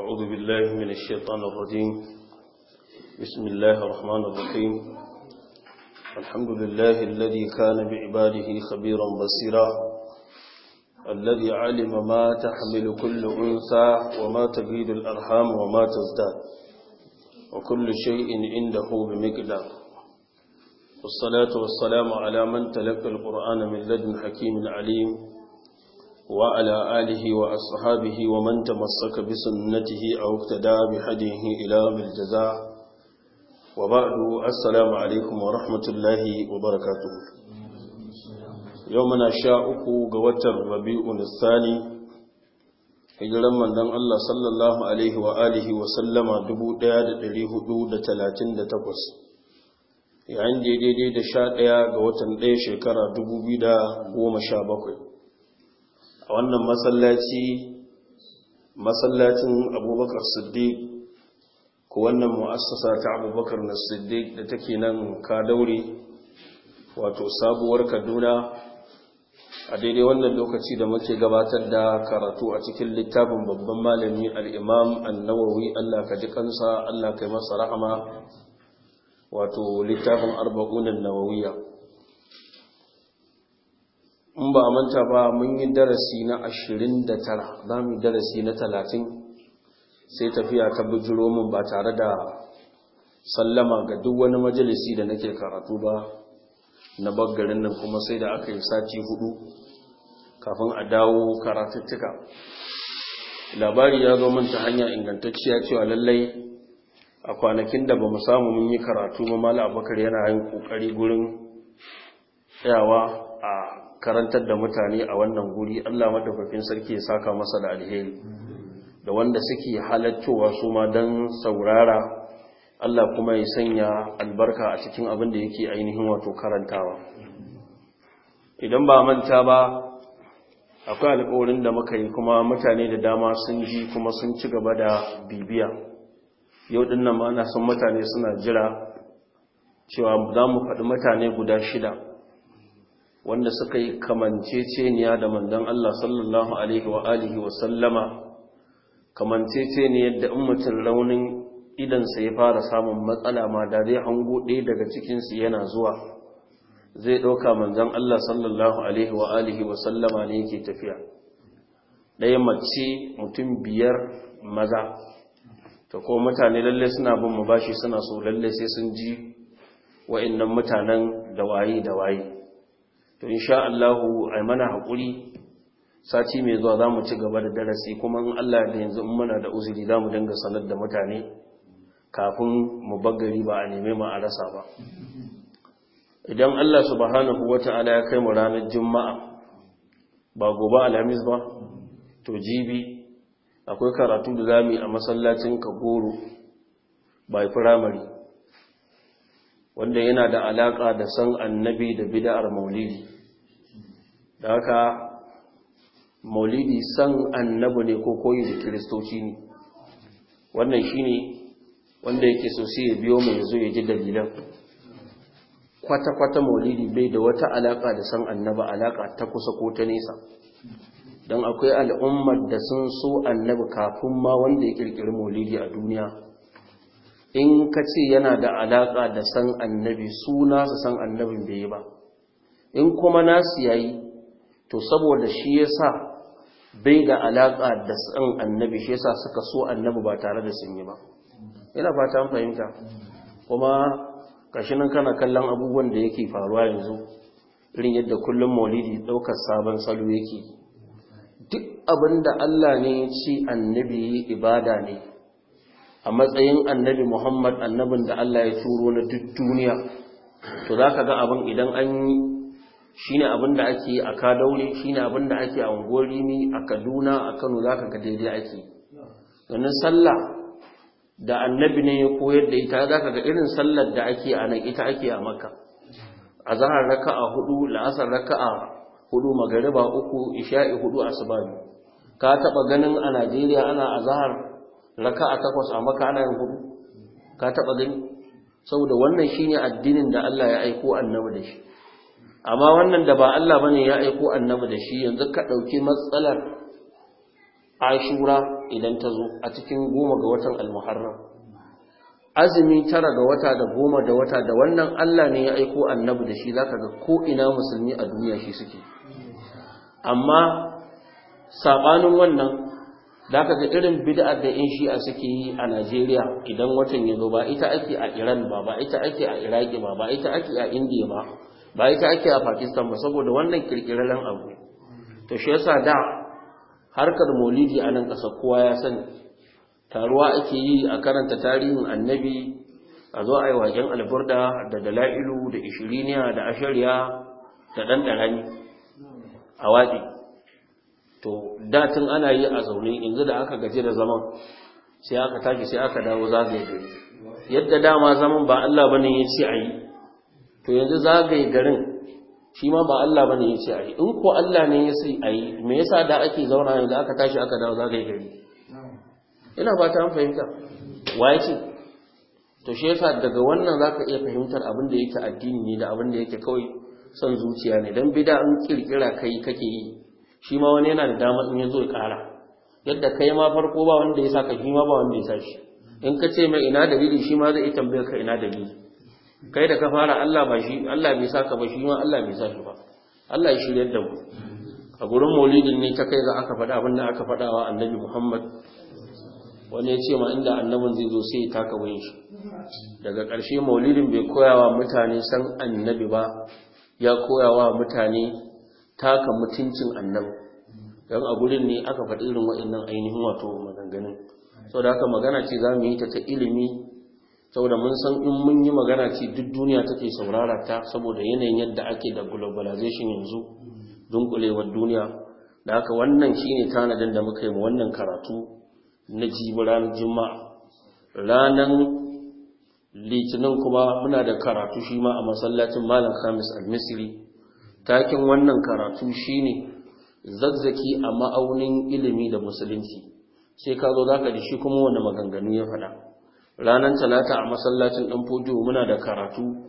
أعوذ بالله من الشيطان الرجيم بسم الله الرحمن الرحيم الحمد لله الذي كان بعباده خبيرا بصيرا الذي علم ما تحمل كل أنثى وما تجيد الأرحام وما تزداد وكل شيء عنده بمقدار والصلاة والسلام على من تلقى القرآن من لدن حكيم عليم وعلى آله وأصحابه ومن تمسك بسنته أو اقتدى بهديه إلى الجزاء وبعد السلام عليكم ورحمة الله وبركاته يومنا شاءك قوات الربيع الثاني hijiran manzon Allah sallallahu alaihi wa alihi wa sallama dubu yayin da daidai da sha ɗaya ga watan ɗaya shekara dubu biyu da goma sha bakwai a wannan masallaci masallacin abubakar siddiq ko wannan mu'assasa ta abubakar na siddiq da take nan ka daure wato sabuwar kaduna a daidai wannan lokaci da muke gabatar da karatu a cikin littafin babban malami al'imam annawawi allah ka ji allah ka yi masa rahama wato littafin arba'unan nawawiya in ba a manta ba mun yi darasi na ashirin da za mu yi darasi na talatin sai tafiya ta bujiro min ba tare da sallama ga duk wani majalisi da nake karatu ba na baggarin nan kuma sai da aka yi sati hudu kafin a dawo karatuttuka labari ya zo manta hanya ingantacciya cewa lallai a kwanakin da ba mu samu mun yi karatu ba mala abakar yana yin kokari gurin tsayawa a karantar da mutane a wannan guri Allah madafafin sarki ya saka masa da alheri da wanda suke halattowa su ma don saurara Allah kuma ya sanya albarka a cikin abin da yake ainihin wato karantawa idan ba manta ba akwai alƙawarin da muka yi kuma mutane da dama sun ji kuma sun ci gaba da bibiya yau din nan ma ana son mutane suna jira cewa za mu faɗi mutane guda shida wanda suka yi kamanceceniya da mandan Allah sallallahu alaihi wa alihi sallama kamanceceniyar da in mutum raunin idansa ya fara samun matsala ma da zai hango ɗaya daga cikinsu yana zuwa zai ɗauka mandan Allah sallallahu alaihi wa wa sallama ne yake tafiya ɗaya mace mutum biyar maza ta ko mutane lalle suna bin mu bashi suna so lalle sai sun ji wa'annan mutanen da waye da to in sha Allah ai mana hakuri sati mai zuwa za mu ci gaba da darasi kuma in Allah da yanzu in muna da uzuri za mu dinga sanar da mutane kafin mu bagari ba a neme ma a rasa ba idan Allah subhanahu wata'ala ya kai mu ranar juma'a ba gobe alhamis ba to jibi akwai karatu da zamu yi a masallacin Kagoro by primary wanda yana da alaƙa da san annabi da bida'ar maulidi da haka maulidi san annabi ne ko koyi da kiristoci ne wannan shine wanda yake so sai ya biyo mai zo ya ji dalilan kwata-kwata maulidi bai da wata alaƙa da san annabi alaƙa ta kusa ko ta nesa don akwai al'ummar da sun so annabi kafin ma wanda ya ƙirƙiri maulidi a duniya in ka ce yana da alaƙa da san annabi su nasu san annabin bai ba in kuma nasu yayi to saboda shi ya sa bai da alaƙa da san annabi shi ya suka so annabi ba tare da sun yi ba ina ba ta fahimta kuma ƙashinan kana kallon abubuwan da yake faruwa yanzu irin yadda kullum maulidi ɗaukar sabon salo yake duk abin da Allah ne ya ce annabi ibada ne a matsayin annabi Muhammad annabin da Allah ya turo na duk duniya to za ka ga abin idan an yi shi ne abin da ake a kadaure shi ne abin da ake a ungorimi a kaduna a kano za ka ga daidai ake ganin sallah da annabi ne ya koyar da ita za ka ga irin sallar da ake a nan ita ake a maka a zahar raka a hudu la'asar raka a hudu magariba uku isha'i hudu asuba ka taba ganin a najeriya ana azahar raka a takwas a maka ana yin hudu ka taba gani saboda wannan shine addinin da Allah ya aiko annabi da shi amma wannan da ba Allah bane ya aiko annabi da shi yanzu ka ɗauki matsalar ashura idan ta zo a cikin goma ga watan almuharram azumi tara ga wata da goma da wata da wannan Allah ne ya aiko annabi da shi zaka ga ko ina musulmi a duniya shi suke amma sabanin wannan da ka ga irin bid'ar da in a suke yi a Najeriya idan watan ya zo ba ita ake a Iran ba ba ita ake a Iraki ba ba ita ake a Indiya ba ba ita ake a Pakistan ba saboda wannan kirkiraren abu to shi yasa da harkar maulidi a nan ƙasa kowa ya sani taruwa ake yi a karanta tarihin annabi a zo a yi waken alburda da dala'ilu da ishiriniya da ashirya da ɗanɗarani a waƙi to datin ana yi a zaune yanzu da aka gaji da zaman sai aka tashi sai aka dawo zagaye gari yadda dama zaman ba Allah bane ya ce a yi to yanzu zagaye garin shi ma ba Allah bane ya ce a yi in ko Allah ne ya sai a yi me yasa da ake zauna yanzu aka tashi aka dawo zagaye gari ina ba ta fahimta wa ya ce to shi yasa daga wannan zaka iya fahimtar abin da yake addini ne da abin da yake kawai son zuciya ne dan bid'a an kirkira kai kake yi shi ma wani yana da dama in ya zo ya ƙara yadda kai ma farko ba wanda ya sa ka shi ma ba wanda ya sa shi in ka ce mai ina dalili shi ma zai yi tambayar ka ina dalili kai da ka fara Allah ba shi Allah bai sa ka ba shi ma Allah bai sa shi ba Allah ya shirya da mu a gurin maulidin ne ta kai ga aka faɗa abin da aka faɗa wa annabi Muhammad wani ya ce ma inda annabin zai zo sai ya taka wayin shi daga ƙarshe maulidin bai koyawa mutane san annabi ba ya koyawa mutane taka mutuncin annabi don a gurin ne aka faɗi irin waɗannan ainihin wato maganganun sau da haka magana ce za mu yi ta ta ilimi saboda mun san in mun yi magana ce duk duniya take saurara ta saboda yanayin yadda ake da globalization yanzu dunkulewar duniya da haka wannan shine tanadin da muka yi ma wannan karatu na jibi ranar juma'a ranar litinin kuma muna da karatu shi ma a masallacin malam Kamis al-misri takin wannan karatu shine zazzaki a ma'aunin ilimi da musulunci sai ka zo zaka da shi kuma wani maganganu ya faɗa ranar talata a masallacin ɗan fojo muna da karatu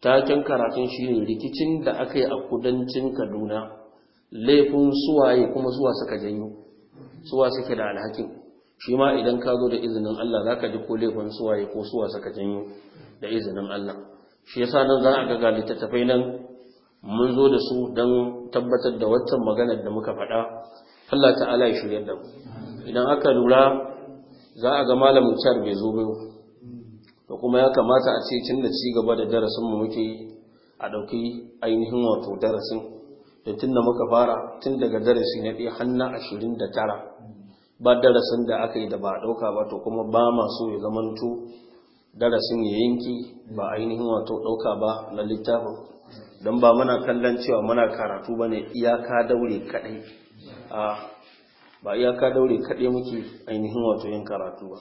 Takin karatun shine rikicin da aka yi a kudancin kaduna laifin suwaye kuma suwa suka janyo suwa suke da alhakin shi ma idan ka zo da izinin Allah za ka ji ko laifin suwaye ko suwa suka janyo da izinin Allah shi yasa nan za a ga ga littattafai nan mun zo da su don tabbatar da waccan maganar da muka faɗa Allah ta'ala ya shirya da mu idan aka lura za a ga malamin char bai zo bai da kuma ya kamata a ce tun da ci gaba da darasin mu muke a ɗauki ainihin wato darasin da tun da muka fara tun daga darasi na ɗaya hanna ashirin da tara ba darasin da aka yi da ba a ɗauka ba to kuma ba masu ya zamanto darasin ya yanki ba ainihin wato ɗauka ba na littafin don ba muna kallon cewa muna karatu ba ne iyaka daure kaɗai ba iyaka daure kaɗai muke ainihin wato yin karatu ba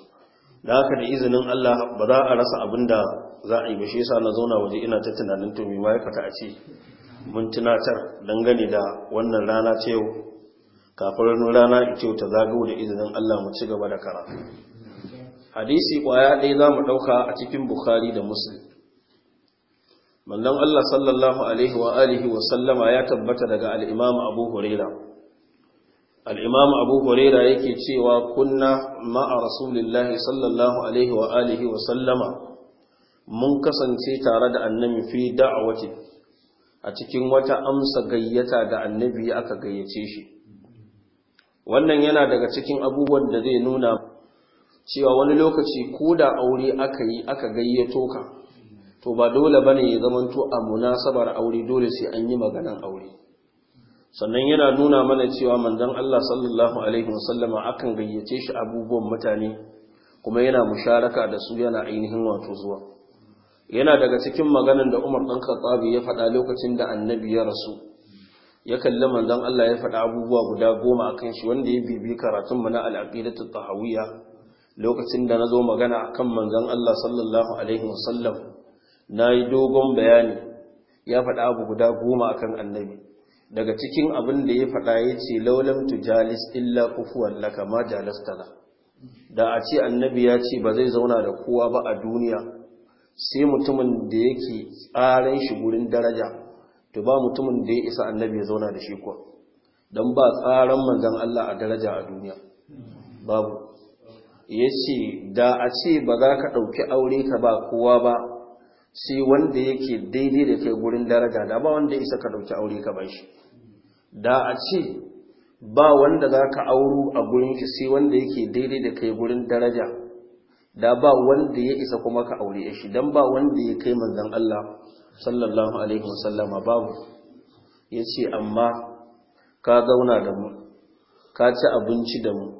da haka da izinin Allah ba za a rasa abin da za a yi ba shi yasa na zauna waje ina ta tunanin to me ma ya a ce mun tunatar dangane da wannan rana ta yau kafin rana ita ta zagawo da izinin Allah mu ci gaba da karatu hadisi kwaya ɗaya za mu ɗauka a cikin bukhari da muslim manzon Allah sallallahu alaihi wa alihi wa sallama ya tabbata daga al Abu Huraira al Abu Huraira yake cewa kunna ma'a Rasulillahi sallallahu alaihi wa alihi wa sallama mun kasance tare da annabi fi da'awati a cikin wata amsa gayyata da annabi aka gayyace shi wannan yana daga cikin abubuwan da zai nuna cewa wani lokaci ko da aure aka yi aka gayyato ka to ba dole bane ya zamanto a munasabar aure dole sai an yi maganan aure sannan yana nuna mana cewa manzon Allah sallallahu alaihi wasallama akan gayyace shi abubuwan mutane kuma yana musharaka da su yana ainihin wato zuwa yana daga cikin maganan da Umar dan Khattab ya faɗa lokacin da Annabi ya rasu ya kalli manzon Allah ya faɗa abubuwa guda goma akan shi wanda ya bibi karatun mu na al-aqidatu tahawiyya lokacin da nazo magana akan manzon Allah sallallahu alaihi wasallam na yi dogon bayani ya faɗa abu guda goma akan annabi daga cikin abin da ya faɗa ya ce laulam tu jalis illa kufuwan laka ma tana da a ce annabi ya ce ba zai zauna da kowa ba a duniya sai mutumin da yake tsaran shi gurin daraja to ba mutumin da ya isa annabi ya zauna da shi kuwa don ba tsaran manzan Allah a daraja a duniya babu ya ce da a ce ba za ka ɗauki aure ka ba kowa ba sai wanda yake daidai da kai gurin daraja da ba wanda isa ka dauki aure ka bashi shi da a ce ba wanda za ka auru a gurin shi sai wanda yake daidai da kai gurin daraja da ba wanda ya isa kuma ka aure shi dan ba wanda ya kai manzon Allah sallallahu alaihi wasallama babu yace amma ka zauna da mu ka ci abinci da mu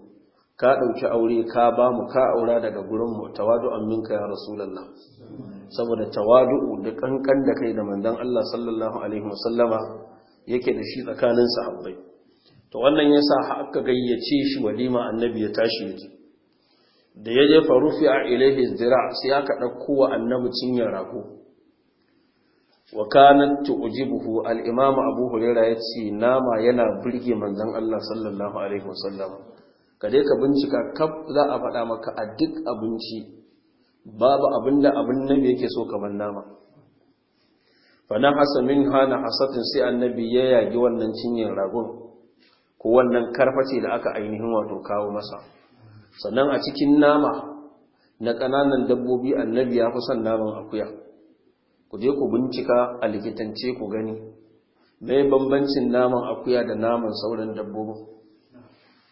ka ɗauki aure ka ba mu ka aura daga mu, tawadu an minka ya rasulallah saboda tawadu'u da kankan da kai da manzon Allah sallallahu alaihi wasallama yake da shi tsakanin sahabbai to wannan yasa aka gayyace shi walima annabi ya tashi yaje da ya je a ilaihi zira sai aka dauko wa annabi cinyar rako wa kanat tu'jibuhu al-imam abu hurairah yace nama yana burge manzon Allah sallallahu alaihi wasallama ka ka bincika kaf za a faɗa maka a duk abinci babu abinda abin nabi yake so kamar nama fana hasa min hana hasatin sai annabi ya yagi wannan cinyar ragon ko wannan karface da aka ainihin wato kawo masa sannan a cikin nama na ƙananan dabbobi annabi ya fi son naman akuya ku je ku bincika a likitance ku gani mai bambancin naman akuya da naman sauran dabbobin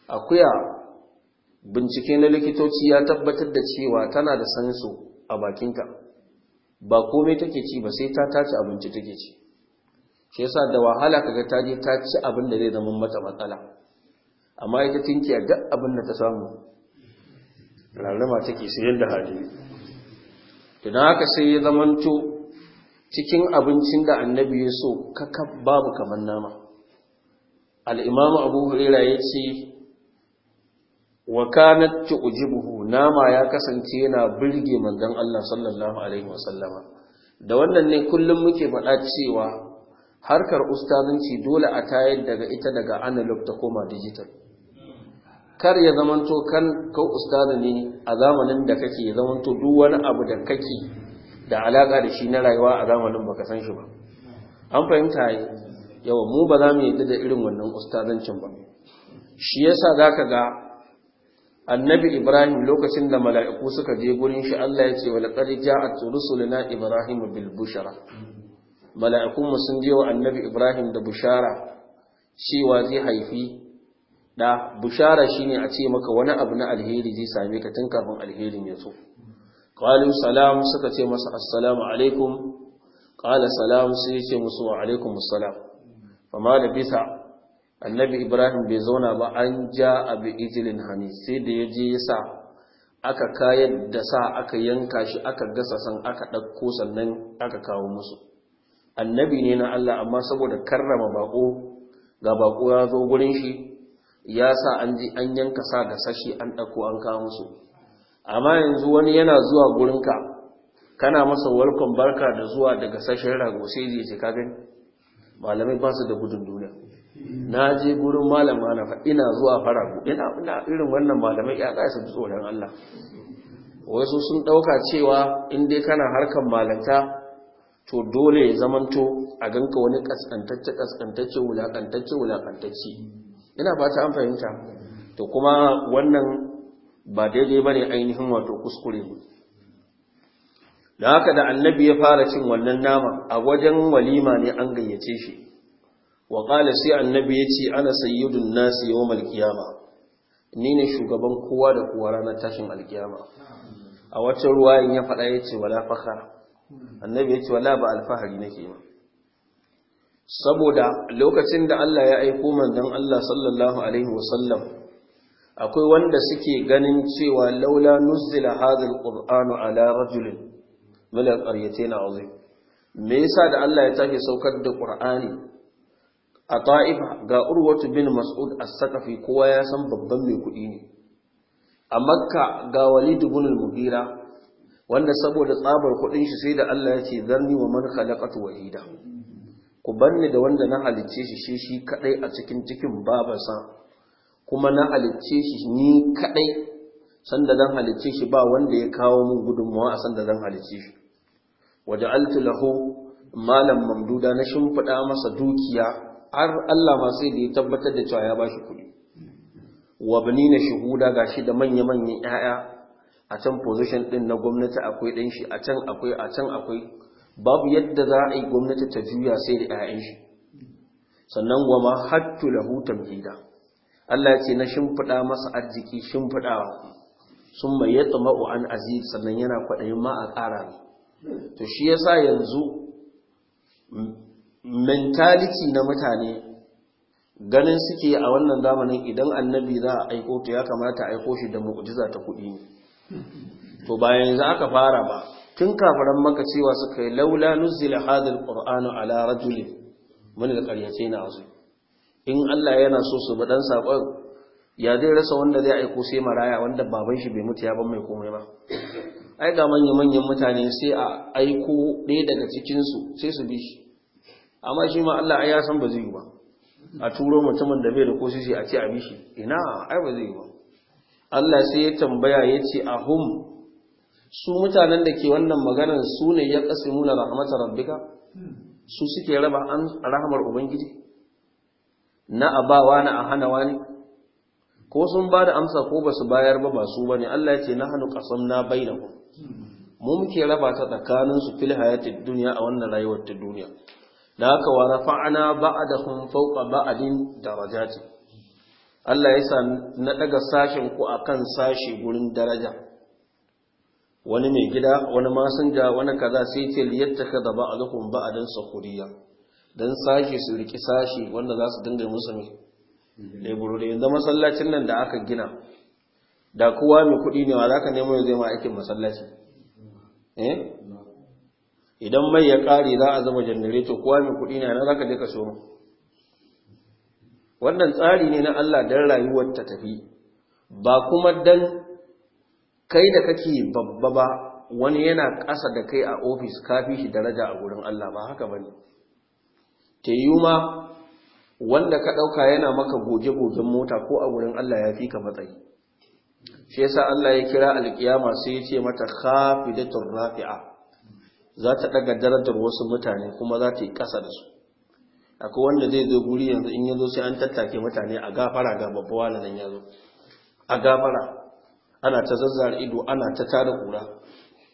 akuya bincike na likitoci ya tabbatar da cewa tana da sanso a bakinka. ba komai take ci ba sai ta tace abinci take ci shi yasa da wahala kaga ta je ta ci abin da zai zama mata matsala amma ita a duk abin da ta samu rarrama take sayar da hali idan haka sai ya zamanto cikin abincin da annabi ya so kaka babu kamar nama al-imamu abu ya ce. wa kanat tu'jibuhu nama ya kasance yana burge manzon Allah sallallahu alaihi wasallama da wannan ne kullum muke faɗa cewa harkar ustazanci dole a tayar daga ita daga analog ta koma digital kar ya zamanto kan ka ustazi ne a zamanin da kake ya zamanto duk wani abu da kake da alaka da shi na rayuwa a zamanin baka san shi ba an fahimta yi yawa mu ba za mu yi da irin wannan ustazancin ba shi yasa zaka ga annabi ibrahim lokacin da mala'iku suka je gurin shi Allah ya ce wa laqad ja'at na ibrahim bil bushra Mala'ikunmu sun je wa annabi ibrahim da bushara cewa zai haifi da bushara shine a ce maka wani abu na alheri zai same ka tun kafin alherin ya zo qalu salam suka ce masa assalamu alaikum qala salam sai ya ce musu wa alaikumus salam fama da bisa annabi ibrahim bai zauna ba an ja abu ijilin hani sai da ya je ya sa aka kayan da sa aka yanka shi aka gasa san aka ɗauko sannan aka kawo musu annabi ne na allah amma saboda karrama bako ga bako ya zo gurin shi ya sa an ji an yanka sa da sashi an ɗauko an kawo musu amma yanzu wani yana zuwa gurinka kana masa walkon barka da zuwa daga sashen rago sai zai ce ka malamai ba su da gudun duniya na je gurin na faɗi ina zuwa fara ina ina irin wannan malamai ya tsaya su tsoron Allah wasu sun ɗauka cewa in dai kana harkan malanta to dole ya zamanto a ganka wani kaskantacce kaskantacce wulakantacce wulakantacce ina fata an fahimta to kuma wannan ba daidai bane ainihin wato kuskure ne da haka da annabi ya fara cin wannan nama a wajen walima ne an gayyace shi wa qala sai annabi ya ce ana sayyidun nasi yawmal qiyama ni ne shugaban kowa da kowa ranar tashin alkiyama a wacce ruwayin ya faɗa ya ce wala fakhar annabi ya ce wala ba alfahari nake ba saboda lokacin da Allah ya aiko manzon Allah sallallahu alaihi wasallam akwai wanda suke ganin cewa laula nuzila hadha alqur'anu ala rajulin min alqaryatayn azim me yasa da Allah ya tafi saukar da qur'ani a ta'ifa ga urwatu bin mas'ud as sakafi kowa ya san babban mai kuɗi ne a makka ga walid ibn al-mughira wanda saboda tsabar kuɗin shi sai da Allah ya ce zarni wa man khalaqatu wahida ku banni da wanda na halicce shi shi shi kadai a cikin cikin babansa kuma na halicce shi ni kadai sanda dan halicce shi ba wanda ya kawo min gudunmawa a sanda dan halicce shi waje lahu malam mamduda na shimfiɗa masa dukiya har Allah ma sai da ya tabbatar da cewa ya ba shi kuɗi wa banina ga shi da manya-manyan ƴaƴa a can position din na gwamnati akwai ɗan shi a can akwai a can akwai babu yadda za a yi gwamnati ta juya sai da yayan shi sannan wa ma hattu lahu tamhida Allah ya ce na shimfiɗa masa arziki shimfiɗawa sun mai ya tsama an aziz sannan yana kwaɗayin ma a ƙara to shi yasa yanzu mentality na mutane ganin suke a wannan zamanin idan annabi za a aiko to ya kamata a aiko shi da mu'jiza ta kuɗi to bayan za aka fara ba tun kafiran maka cewa suka yi laula nuzila hadal qur'anu ala rajulin min na in Allah yana so su bada sakon ya zai rasa wanda zai aiko sai maraya wanda baban shi bai mutu ya ban mai komai ba ai ga manyan manyan mutane sai a aiko ɗaya daga cikin su sai su bi shi amma shi ma Allah ya san ba zai yi ba a turo mutumin da bai da ko sisi a ce a bishi ina ai ba zai yi ba Allah sai ya tambaya ya ce ahum su mutanen da ke wannan maganar su ne ya nuna rahmatar rabbika su suke raba an rahamar ubangiji na abawa na ahanawa ne ko sun ba da amsa ko ba su bayar ba masu su ba ne Allah ya ce na hannu kasam na bainahum mu muke raba ta tsakanin su fil hayatid duniya a wannan rayuwar ta duniya da haka wa rafa'ana a fawqa daraja ce. Allah ya sa na daga sashen ku a kan sashi gurin daraja wani mai gida wani masinja wani kaza sai ce ka liyattakaza ba'dahum ba'dan sakuriya dan sashi su riki sashi wanda za su dinga musu mai leburori yanzu masallacin nan da aka gina da kowa mai kuɗi ne wa zaka nemo ya zai ma aikin masallaci eh idan mai ya ƙare za a zama janareto kowa mai kuɗi na za ka je ka so wannan tsari ne na Allah don rayuwar ta tafi ba kuma don kai da kake babba ba wani yana ƙasa da kai a ofis kafi shi daraja a wurin Allah ba haka ba ne Ta yi ma wanda ka ɗauka yana maka goge-gogen mota ko a wurin Allah ya fi ka matsayi shi yasa Allah ya kira alƙiyama sai ya ce mata khafidatur rafi'a za ta daga darajar wasu mutane kuma za ta yi ƙasa da su akwai wanda zai zo guri yanzu in ya yazo sai an tattake mutane a gafara ga babba wani nan yazo a gafara ana ta zazzara ido ana ta tada kura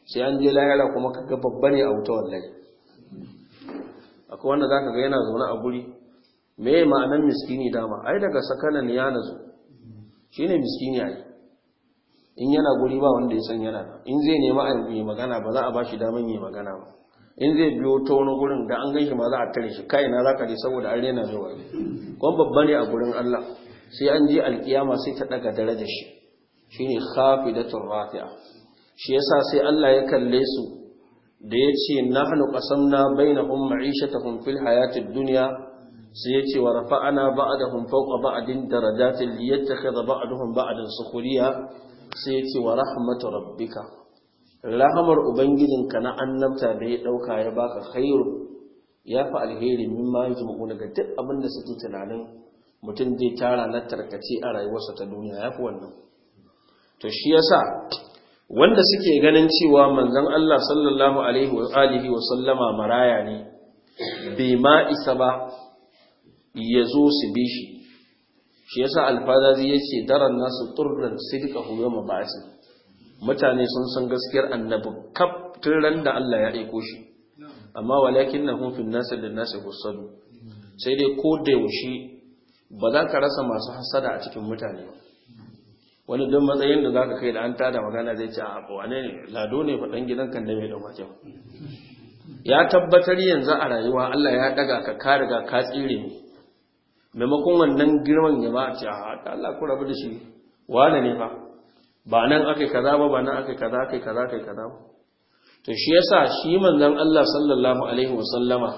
sai an je lahira kuma ka ga babba ne a wuta wallahi akwai wanda zaka ga yana zaune a guri me ma'anar miskini dama ai daga sakanan ya nazo shine miskini ai in yana guri ba wanda ya san yana in zai nema a yi magana ba za a ba shi damar yi magana ba in zai biyo ta wani gurin da an gan shi ma za a tare shi kai na za ka je saboda an rena zuwa ne kuma babba ne a gurin Allah sai an je alkiyama sai ta daga darajar shi shine da rafi'a shi yasa sai Allah ya kalle su da ya ce nahnu qasamna bainahum ma'ishatahum fil hayatid duniya sai ya ce wa rafa'ana ba'dahum fawqa ba'din darajatin liyattakhidha ba'dahum ba'dan sukhriya sai ya ce wa rahmatu rabbika ubangijin ubangijinka na annabta da ya dauka ya baka khairu ya fi alheri min ma yake daga duk abin da suke tunanin mutum zai tara na tarkace a rayuwarsa ta duniya ya fi wannan to shi yasa wanda suke ganin cewa manzon Allah sallallahu alaihi wa alihi wa sallama maraya ne bai ma isa ba ya zo su bi shi shi yasa ya ce daran nasu turran sidqa hu yawma ba'si mutane sun san gaskiyar annabi kaf tun da Allah ya aiko shi amma walakin nahum fi da da nasi gusadu sai dai ko da yaushe ba za ka rasa masu hasada a cikin mutane ba wani don matsayin da za ka kai da an tada magana zai ce a wane ne lado ne faɗan gidan kan da mai ɗan ya tabbatar yanzu a rayuwa Allah ya ɗaga ka ka riga ka tsire maimakon wannan girman ya ma ce a Allah ku rabu da shi wane ne ba ba nan akai kaza ba ba nan akai kaza akai kaza akai kaza ba to shi yasa shi manzon Allah sallallahu alaihi wasallama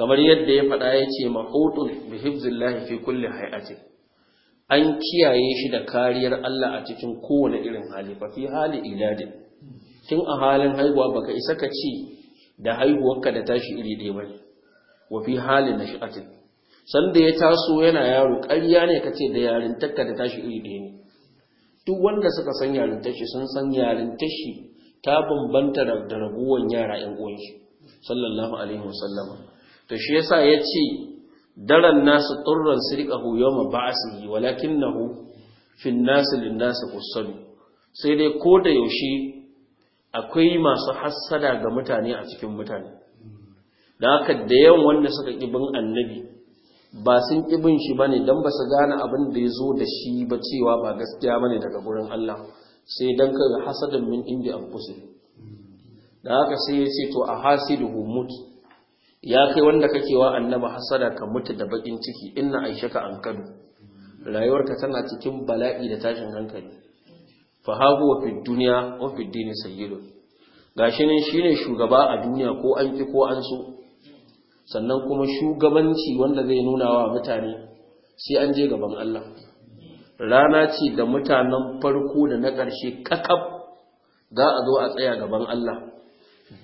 kamar yadda ya faɗa ya ce mahutun bi hifzillahi fi kulli hayati an kiyaye shi da kariyar Allah a cikin kowane irin hali fa fi hali iladin tun a halin haihuwa baka isa ka ci da haihuwarka da tashi iri ɗaya bane wa fi hali nash'atin sanda ya taso yana yaro ƙarya ne ka ce da yarintarka da tashi iri ɗaya ne duk wanda suka san yarintashi sun san yarintashi ta bambanta da raguwan yara ƴan uwan shi sallallahu alaihi wasallam to shi yasa yace daran nasu turran sirqahu yawma ba'sihi walakinahu fin nasu lin nasu qussadu sai dai ko da yaushe akwai masu hassada ga mutane a cikin mutane da haka da yawan wanda suka ƙi bin annabi ba sun bin shi ba ne don ba su gane abin da ya zo da shi ba cewa ba gaskiya ba ne daga gurin Allah sai don kaga hasadin min inda an da haka sai ya ce to a da mut ya kai wanda kake wa annaba hasada ka mutu da bakin ciki inna aishaka an kadu rayuwarka tana cikin bala'i da tashin hankali fa hagu fi duniya wa fi dini sayyidun gashi ne shine shugaba a duniya ko an ki ko an so sannan kuma shugabanci wanda zai nuna wa mutane sai an je gaban Allah rana ce da mutanen farko da na ƙarshe kakaf za a zo a tsaya gaban Allah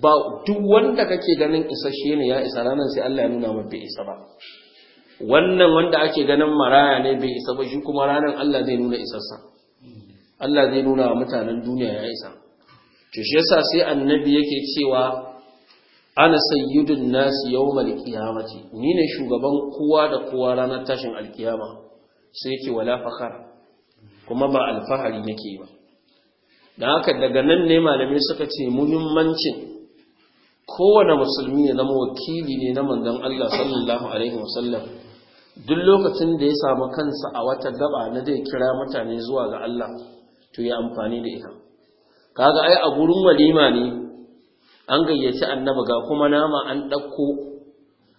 ba duk wanda kake ganin isasshe ne ya isa ranar sai Allah ya nuna mai bai isa ba wannan wanda ake ganin maraya ne bai isa ba shi kuma ranar Allah zai nuna isassa Allah zai nuna wa mutanen duniya ya isa to shi yasa sai annabi yake cewa ana sayyidun nasi yawmal mace, ni ne shugaban kowa da kowa ranar tashin alkiyama sai yake wala kuma ba alfahari nake ba da haka daga nan ne malamai suka ce muhimmancin kowane musulmi ne zama wakili ne na manzon Allah sallallahu alaihi wasallam duk lokacin da ya samu kansa a wata gaba na zai kira mutane zuwa ga Allah to ya amfani da ita kaga ai a gurin walima ne an gayyaci annabi ga kuma nama an ɗauko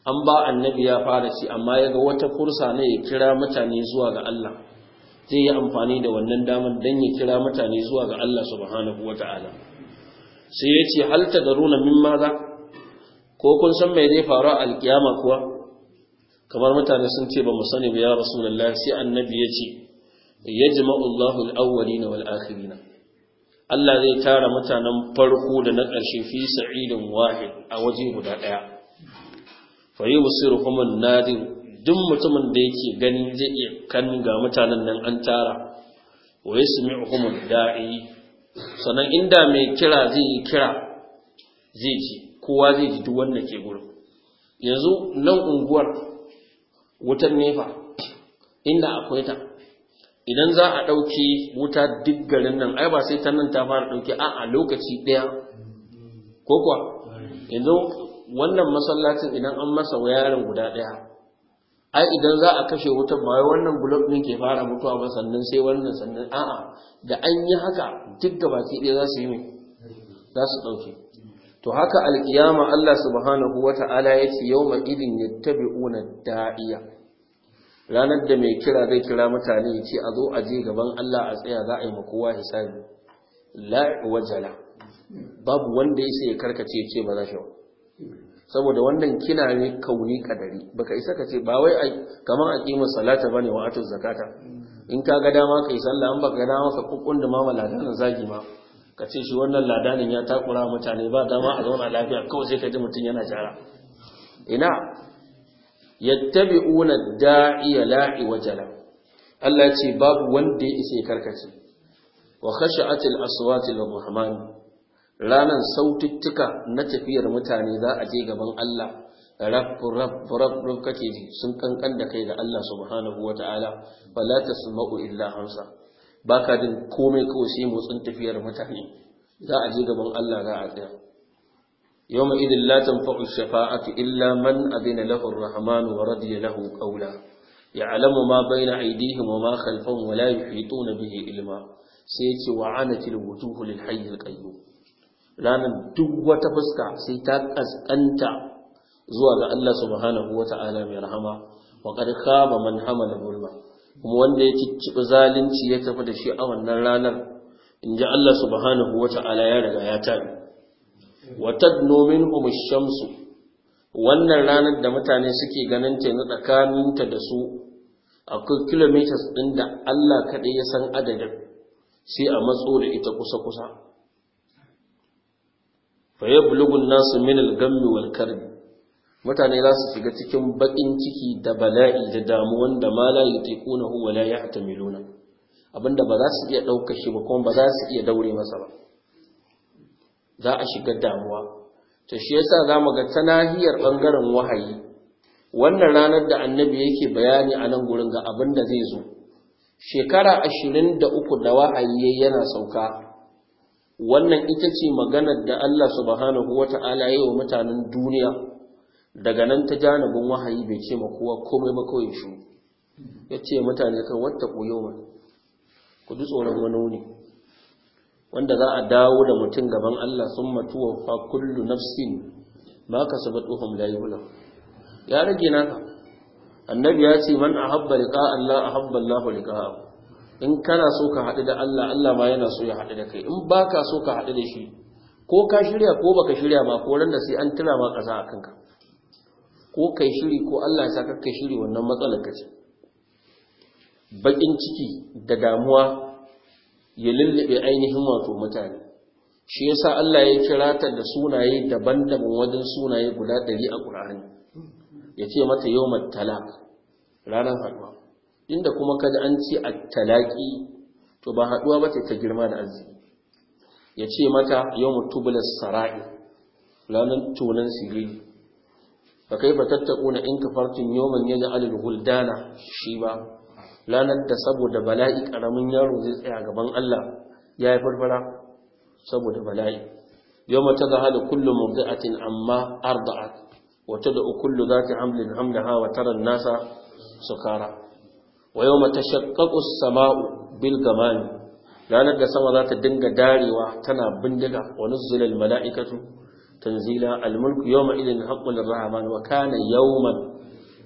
an ba annabi ya fara ci amma ya ga wata fursa ne ya kira mutane zuwa ga Allah zai yi amfani da wannan damar don ya kira mutane zuwa ga Allah subhanahu wata'ala sai ya ce hal ta daruna min maza ko kun san mai zai faru a alkiyama kuwa kamar mutane sun ce ba mu sani ba ya rasulullahi sai annabi ya ce yajma'u Allahu al wal akhirina Allah zai tara mutanen farko da na ƙarshe fi sa'idin wahid a waje guda ɗaya fa yi musiru kuma duk mutumin da yake gani zai iya kan ga mutanen nan an tara wa yi sumi hukumar da'i sannan inda mai kira zai yi kira zai ji kowa zai ji duk wanda ke gurin yanzu nan unguwar wutar nefa inda akwai ta idan za a ɗauki wuta duk garin nan ai ba sai ta nan ta fara ɗauki, a a lokaci ɗaya ko kuwa yanzu wannan masallacin idan an masa wayarin guda ɗaya ai idan za a kashe wutar ba wai wannan bulok ɗin ke fara mutuwa ba sannan sai wannan sannan a'a da an yi haka duk baki ɗaya za su yi za su ɗauke to haka alƙiyama Allah subhanahu wata'ala ya ce yau ma idin yattabi'una da'iya ranar da mai kira zai kira mutane ya ce a zo a je gaban Allah a tsaya za a yi makowa hisabi la'i wajala babu wanda ya sai karkace ce ba za shi saboda wannan kina ne kauni kadari baka isa ka ce ba wai kamar a aqimus salata bane wa atar zakata in ka ga dama kai sallah an baka ga dama ka kukkun da mama na zagi ma ka ce shi wannan ladanin ya takura mutane ba dama a zauna lafiya kawai sai ka ji mutum yana jara ina yattabi'una da'iya la'i wajala Allah ce babu wanda ya isa karkace wa Atil aswati lir rahman Ranar sautittuka na tafiyar mutane za a je gaban Allah rabb rabb kake ji sun kankan da kai da Allah subhanahu wataala ta tasma'u illa hamsa baka din komai kawai sai motsin tafiyar mutane za a je gaban Allah za a tsaya yawma idin la tanfa'u shafa'atu illa man adina lahu wa radiya lahu qawla ya'lamu ma bayna aydihim wa ma khalfahum wa la yuhituna bihi ilma sai yace wa anatil wujuhu lil hayy al-qayyum ranan duk wata fuska sai ta kaskanta zuwa ga Allah subhanahu wata'ala mai rahama wa qad khaba man hamala zulma kuma wanda ya ciccibi zalunci ya tafi da shi a wannan ranar in ji Allah subhanahu wa ta'ala ya riga ya tabi watadnu nomin ash-shamsu wannan ranar da mutane suke ganin ta na tsakaninta da su akwai kilometers ɗin da Allah kaɗai ya san adadin sai a matso da ita kusa-kusa. Faye bulugun nasu minal gammi wal karbi, mutane za su shiga cikin baƙin ciki da bala'i da damuwan da ma layi ta kuna huwa la ya abinda ba za su iya ɗauka shi ba kuma ba za su iya daure masa ba. za a shiga damuwa Ta shi yasa mu ga ta nahiyar ɓangaren wahayi wannan ranar da annabi yake bayani a nan gurin ga abin da zai zo shekara ashirin da uku da wahayi yana sauka wannan ita ce maganar da Allah subhanahu Ta'ala ya yi wa mutanen duniya daga nan ta janibin wahayi bai ce ma kowa komai ba kawai shi ya ce mutane kan wata ƙuyoma ku ji tsoron wani wuni wanda za a dawo da mutum gaban Allah sun matuwa fa kullu nafsin ma kasabat uhum la yuzlam ya rage naka annabi ya ce man ahabba liqa Allah ahabba Allah liqa in kana so ka haɗu da Allah Allah ma yana so ya haɗu da kai in baka so ka haɗu da shi ko ka shirya ko baka shirya ba ko ran da sai an tura ma ƙasa a kanka ko kai shiri ko Allah ya sa kai shiri wannan matsalar ka bakin ciki da damuwa ya lullube ainihin wato mutane shi yasa Allah ya kira ta da sunaye daban-daban wajen sunaye guda ɗari a Qur'ani ya ce mata yawmat talaq ranar haɗuwa inda kuma kada an ce a talaƙi, to ba haɗuwa ba ta girma da arziki ya ce mata yawmut tublas sara'i ranar tonan sirri fa kaifa na in kafartum yawman yaj'alul huldana ba. ranar da saboda bala'i karamin yaro zai tsaya gaban Allah ya yi farfara saboda bala'i kullum tadhalu kullu murdi'atin amma arda'at wa tad'u za ta hamlin hamlaha wa tara an-nasa sukara wa yau mata as-sama'u bil ghamami ranar da sama za ta dinga darewa tana bindiga wani nuzzilal mala'ikatu tanzila almulku mulku yawma idin haqqul rahman wa kana yawman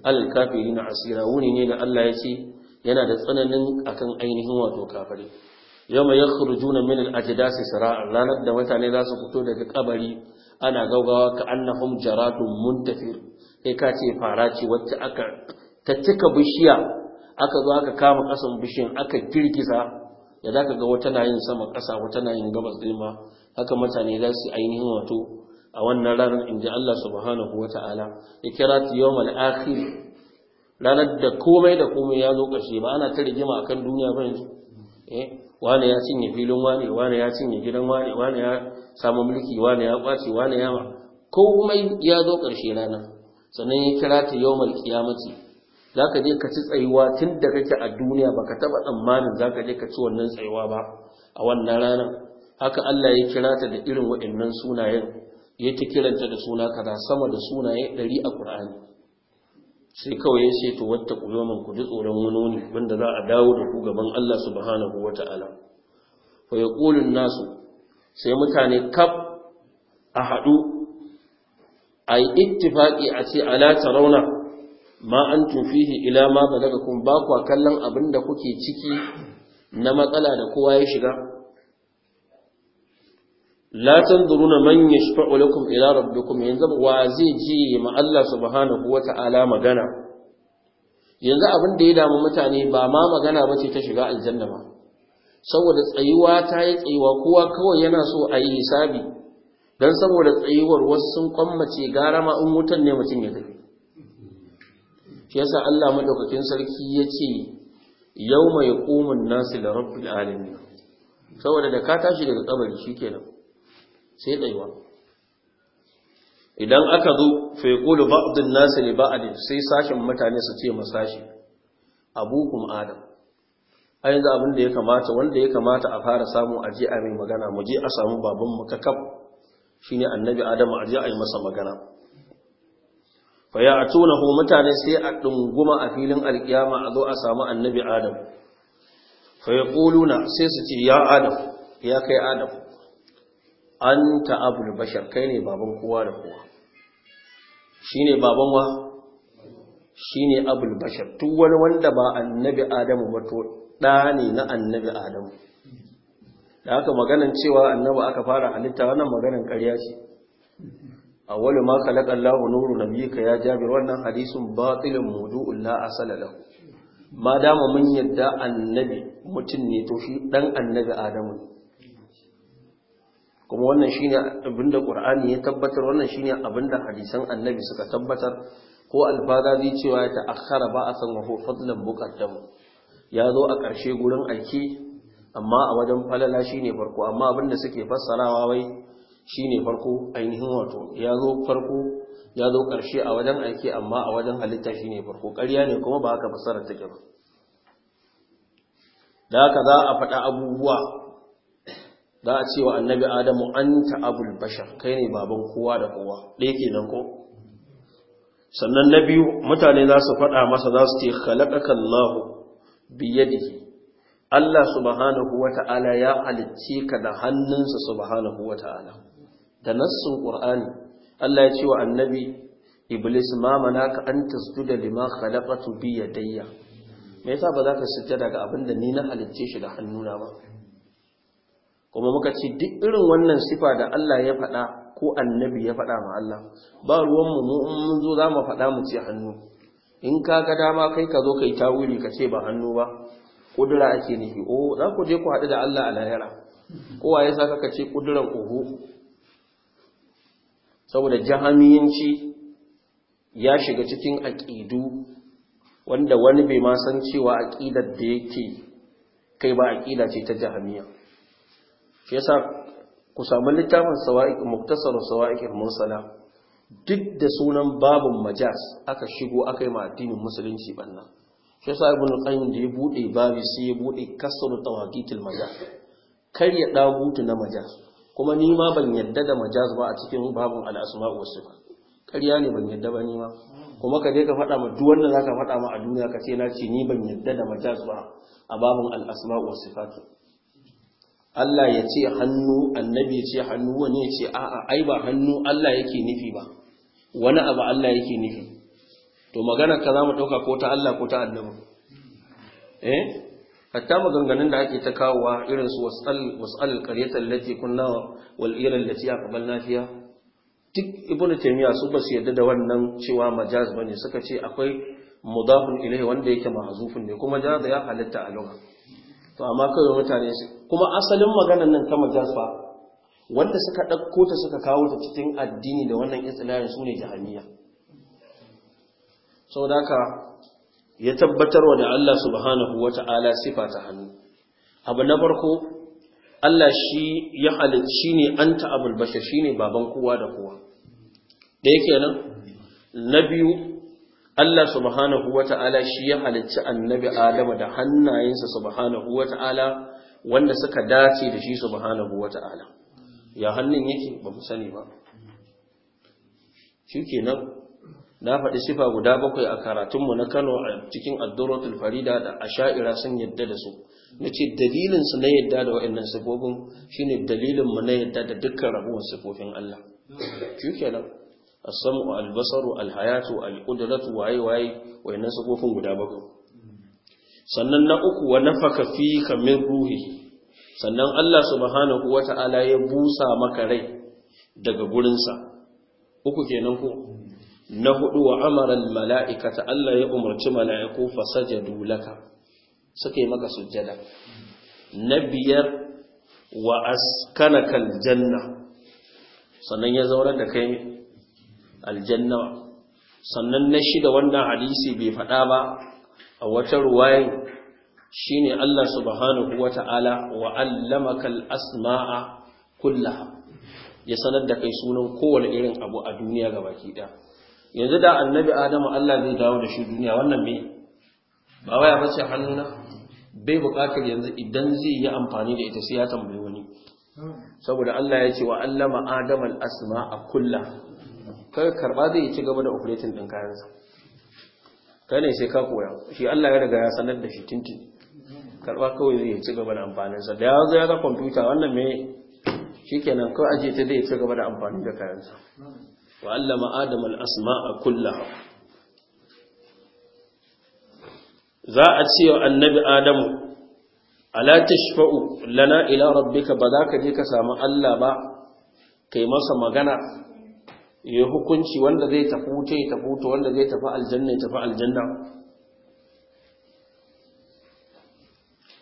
al-kafirina asira wuni ne da Allah ya ce yana da tsananin akan ainihin wato kafare yawma juna min al-ajdasi sara'a ranar da mutane za su fito daga kabari ana gaugawa ka annahum jaradun muntafir kai ka ce fara ce wacce aka tattaka bishiya aka zo aka kama kasan bishiyan aka girgiza ya zaka ga wata na yin sama kasa wata na yin gabas girma. haka mutane za su ainihin wato a wannan ranar inda Allah subhanahu wata'ala ya kira ta yawmal akhir ranar da komai da komai ya zo ƙarshe ba ana ta rigima a kan duniya ba yanzu eh, wane ya cinye filin wane wane ya cinye gidan wane wane ya samu mulki wane ya ƙwace wane ya ma komai ya zo ƙarshe rana sannan ya kira ta yau mai kiyamaci za ka je ka ci tsayuwa tun da kake a duniya ba ka taɓa tsammanin za ka je ka ci wannan tsayuwa ba a wannan rana haka Allah ya kira ta da irin waɗannan sunayen ya ta kiranta da suna kaza sama da sunaye ɗari a Kur'ani. sai kawai ya ce to wata kuyomin ku ji tsoron wani wani wanda za a dawo da ku gaban Allah subhanahu wa ta'ala fa ya nasu sai mutane kaf a haɗu a yi ittifaƙi a ce ala rauna ma an tufihi ila ma ba daga kun ba kwa kallon abin da kuke ciki na matsala da kowa ya shiga la tanzuruna man yashfa'u lakum ila rabbikum yanzu wa zai ji ma Allah subhanahu wata'ala magana yanzu abin da ya damu mutane ba ma magana ba ce ta shiga aljanna ba saboda tsayuwa ta yi tsayuwa kowa kawai yana so a yi hisabi dan saboda tsayuwar wasu sun kwammace gara ma in wutan ne mutum ya tafi shi yasa Allah madaukakin sarki yace yawma yaqumun nasu da rabbil alamin saboda da ka tashi daga kabari shikenan sai tsayuwa idan aka zo fa yaqulu ba'dun nasi li ba'd sai sashin mutane su ce masashi abukum adam ai yanzu abin da ya kamata wanda ya kamata a fara samu je a mai magana mu je a samu baban mu kakab shine annabi adam je a yi masa magana fa ya ya'tunahu mutane sai a dunguma a filin alkiyama a zo a samu annabi adam fa yaquluna sai su ce ya adam ya kai adam anta abul bashar kai ne baban kowa da kowa ne baban wa Shi ne abul bashar duk wani wanda ba annabi adamu ba to da ne na annabi adamu da haka maganan cewa annabi aka fara halitta wannan maganan karya ce A wani ma khalaqa na nuru ka ya Jabir wannan hadisin batilun mawdu'un la asala lahu ma dama mun yadda annabi mutum ne to shi dan annabi Adamu kuma wannan shine abinda qur'ani ya tabbatar wannan shine abinda hadisan annabi suka tabbatar ko alfazazi cewa ya ta'akhkhara a san wahu fadlan muqaddam ya zo a ƙarshe gurin aiki amma a wajen falala shine farko amma abinda suke fassarawa wai shine farko ainihin wato ya zo farko ya zo ƙarshe a wajen aiki amma a wajen halitta shine farko ƙarya ne kuma ba haka fassarar take ba da haka za a faɗa abubuwa za a ce wa annabi adamu anta abul bashar kai ne baban kowa da kowa ɗaya kenan ko sannan na biyu mutane za su faɗa masa za su ce khalaqaka Allah biyadihi Allah subhanahu ya halicce ka da hannunsa subhanahu da nassin ƙur'ani, Allah ya ce wa annabi Iblis ma manaka an tasjuda lima khalaqatu dayya. me yasa ba za ka sujjada ga abin da ni na halicce shi da hannuna ba kuma muka ci duk irin wannan sifa da Allah ya faɗa ko annabi ya faɗa ma Allah ba ruwanmu mu mun zo za mu faɗa mu ce hannu in ka ga dama kai ka zo kai tawili ka ce ba hannu ba kudura ake nufi oh za ku je ku haɗu da Allah a lahira kowa ya saka ka ce kuduran oho saboda jahamiyanci ya shiga cikin aƙidu wanda wani bai ma san cewa aƙidar da yake kai ba aƙida ce ta jahamiya shi yasa ku samu littafin sawa'iq muktasar sawa'iq mursala duk da sunan babun majas aka shigo aka yi ma addinin musulunci banna shi yasa ibn qayyim da ya bude babi sai ya bude kasru tawaqitil majas kar ya butu na majas kuma ni ma ban yadda da majas ba a cikin babun al-asma' wa sifat ne ban yadda ba ni ma kuma ka je ka faɗa ma duk wanda zaka faɗa ma a duniya ka ce na ce ni ban yadda da Majaz ba a babun al-asma' wa sifat Allah ya ce hannu annabi ya ce hannu wani ya ce a'a ai ba hannu Allah yake nufi ba wani abu Allah yake nufi to magana ka za mu ɗauka ko ta Allah ko ta annabi eh hatta maganganun da ake ta kawowa irin su wasal qaryatan lati kunna wal ira lati aqbalna fiha duk ibnu taymiya su ba su yarda da wannan cewa majaz bane suka ce akwai mudafun ilayhi wanda yake mahzufun ne kuma jaza ya halitta a lugha to amma kawai mutane kuma asalin maganan nan ta jasfa wanda suka ɗauko ta suka kawo ta cikin addini da wannan itsilayen su ne jahaniya sau da ka ya tabbatar wa da Allah subhanahu wa ta'ala sifa ta hannu abu na farko Allah shi ya halitta ne an ta abulbashe shi ne baban kowa da kowa yake nan, na biyu Allah subhanahu wata'ala shi ya halicci annabi Adamu da hannayensa subhanahu wata'ala wanda suka dace da shi subhanahu wata'ala ya hannun yake ba mu sani ba shikenan na faɗi sifa guda bakwai a karatunmu na Kano a cikin Addurratul Farida da a Sha'ira sun yadda da su Na ce dalilinsu na yadda da wa'annan sifofin shine dalilin mu na yadda da dukkan rabuwar sifofin Allah shikenan asamu albasaru Alhayatu alqudratu wa ay al-qudratu waye waye guda bakwai sannan na uku wa nafaka fi kamin ruhi sannan Allah subhanahu wata'ala ya busa maka rai daga wurinsa. uku kenan ko na hudu wa amara al Allah ya umarci mala'iku fasajadu laka suke maka sujjada na biyar wa askanaka janna sannan ya zaurar da kai aljanna sannan na shida wannan hadisi bai faɗa ba a wata shi shine Allah subhanahu wata'ala Ta'ala allamaka asmaa kulla ya sanar da kai sunan kowane irin abu a duniya gabaki ɗaya yanzu da annabi adamu Allah zai dawo da shi duniya wannan me ba waya bace hannuna bai buƙatar yanzu idan zai yi amfani da ita sai ya tambayi wani hmm. saboda Allah ya ce wa'allama allama adamal asma'a kulla. kar karba zai ci gaba da operating din kayansa kai ne sai ka koya shi Allah ya riga ya sanar da shi tinti karba kawai zai ci gaba da amfanin sa da ya zo ya ga computer wannan me shikenan kawai aje ta zai ci gaba da amfani da kayansa wa allama adam al asma'a kullaha za a ce wa annabi adamu ala tashfa'u lana ila rabbika ba za ka je ka samu Allah ba kai masa magana ya hukunci wanda zai tafi wuta ya tafi wuta wanda zai tafi aljanna ya tafi aljanna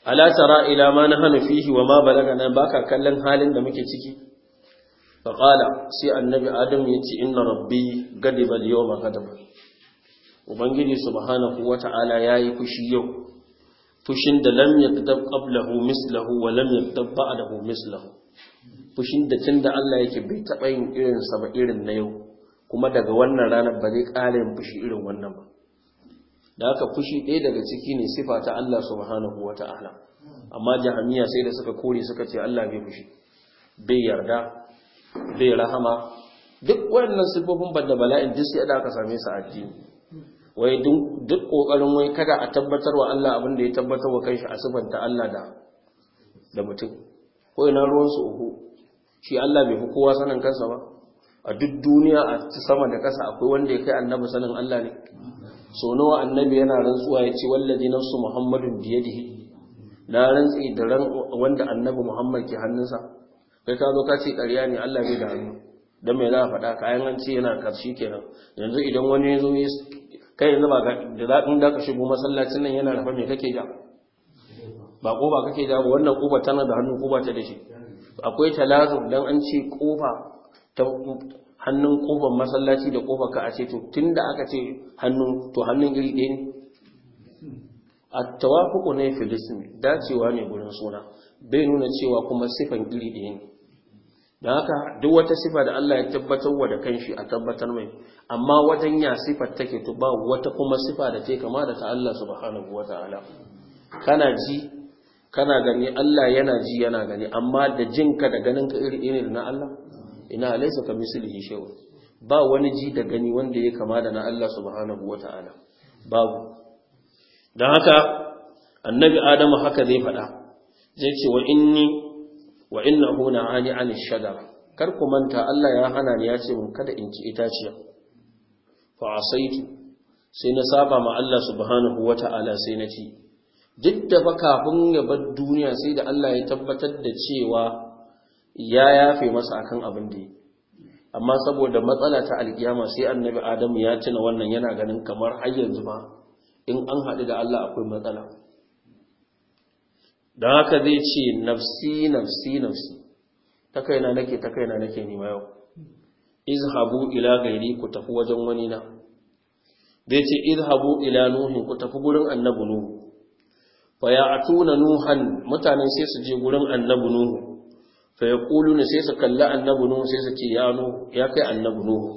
ala tara ila ma nahnu fihi wa ma balagana baka kallon halin da muke ciki fa qala sai annabi adam yace inna rabbi gadiba al-yawma gadaba ubangiji subhanahu wata'ala yayi fushi yau fushin da lam yaqdab qablahu mislahu wa lam yaqdab ba'dahu mislahu fushin da tun da Allah yake bai taɓa yin irin sa ba irin na yau kuma daga wannan ranar ba zai ƙara yin fushi irin wannan ba da haka fushi ɗaya daga ciki ne sifa ta Allah subhanahu wa ta'ala amma jahamiya sai da suka kore suka ce Allah bai fushi bai yarda bai rahama duk wannan sifofin banda bala'in duk sai aka same su a addini wai duk kokarin wai kada a tabbatar wa Allah abin da ya tabbatar wa kanshi a sifanta Allah da da mutum ko ina ruwan su uku shi Allah bai fi kowa sanin kansa ba a duk duniya a sama da kasa akwai wanda ya kai annabi sanin Allah ne so nawa annabi yana rantsuwa ya ce wallazi nafsu bi yadihi na rantsi da ran wanda annabi muhammad ke hannunsa kai ka zo ka ce ƙarya ne Allah bai da hannu dan me za ka faɗa kayan an ce yana karshe kenan yanzu idan wani ya zo kai yanzu ba da zaɗin da ka shigo masallacin nan yana rafa me kake ja ba ko ba kake ja ba wannan kuba tana da hannu ko ba ta da shi akwai talazum dan an ce kofa ta hannun kofar masallaci da kofar ka a ce to tunda aka ce hannun to hannun iri ɗaya ne at-tawafuqu ne fil dacewa ne gurin suna bai nuna cewa kuma sifan iri ɗaya ne da haka duk wata sifa da Allah ya tabbatar wa da kanshi a tabbatar mai amma wajen ya sifa take to ba wata kuma sifa da take kama da ta Allah subhanahu wataala kana ji kana gani Allah yana ji yana gani amma da jinka da ganinka ka iri iri na Allah ina laisa ka mislihi shay'un ba wani ji da gani wanda ya kama da na Allah subhanahu wata'ala babu dan haka annabi adamu haka zai faɗa zai ce wa inni wa innahu na'ani 'an shajara kar ku manta Allah ya hana ni ya ce mun kada in ci itaciya fa asaitu sai na saba ma Allah subhanahu wata'ala sai na ci duk da fa kafin ya bar duniya sai da Allah ya tabbatar da cewa ya yafe masa akan abin da amma saboda matsala ta alkiyama sai annabi adamu ya tuna wannan yana ganin kamar har yanzu ma in an haɗu da Allah akwai matsala don haka zai ce nafsi nafsi nafsi ta kaina nake ta kaina nake nima yau izhabu ila gairi ku tafi wajen wani na zai ce izhabu ila nuhin ku tafi gurin annabi nuhu fa atuna nuhan mutane sai su je gurin annabi nuhu fa ne sai su kalli annabi nuhu sai su ce ya ya kai annabi nuhu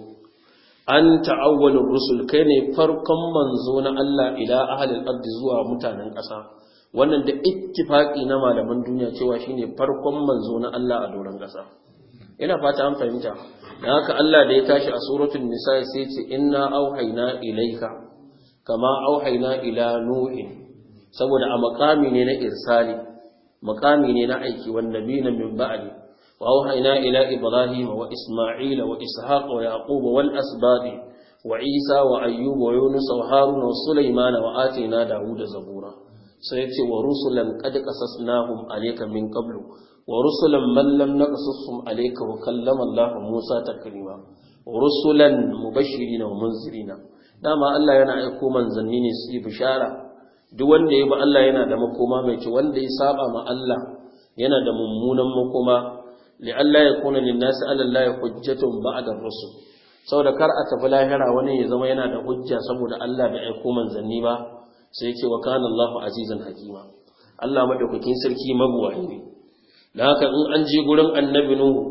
anta awwalur rusul kai ne farkon manzo na Allah ila ahalin ardi zuwa mutanen ƙasa wannan da ittifaqi na malaman duniya cewa shine farkon manzo na Allah a doron ƙasa ina fata an fahimta dan haka Allah da ya tashi a suratul nisa sai ce inna auhayna ilayka kama auhayna ila nuhin saboda a makami ne na irsali makami ne na aiki wan nabiyina min ba'di wa auhayna ila ibrahim wa isma'ila wa ishaq wa yaqub wal wa isa wa ayyub wa yunus wa harun wa sulaiman wa atina dauda zabura sai yace wa rusulan qad qasasnahum alayka min qablu wa rusulan man lam naqsusum alayka wa kallama allah musa takrima rusulan mubashirin wa munzirina dama allah yana aiko manzanni ne su bishara duk wanda ya ba Allah yana da makoma mai kyau wanda ya saba ma Allah yana da mummunan makoma li Allah ya kuna lin nasi ala Allah hujjatun ba'da rusul saboda kar a tafi lahira wani ya zama yana da hujja saboda Allah bai aiko manzanni ba sai yake wa kana Allahu azizan hakima Allah madaukakin sarki mabuwayi ne dan haka in an je gurin annabi nuhu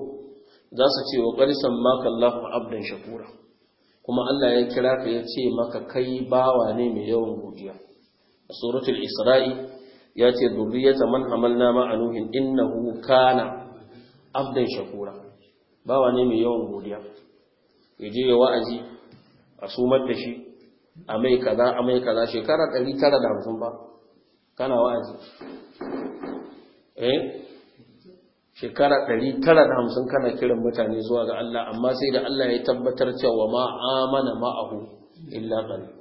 za su ce wa qarisan maka Allahu abdan shakura kuma Allah ya kira ka ya ce maka kai bawa ne mai yawan godiya suratul isra'i ya ce من حملنا مع نوح nuhin كان kana شكورا shakura bawa ne mai yawan godiya ya je ya wa'azi a sumar da shi a mai kaza a kaza shekara 950 ba kana wa'azi eh shekara 950 kana kiran mutane zuwa ga Allah amma sai da Allah ya tabbatar cewa ma amana ma'ahu illa qalil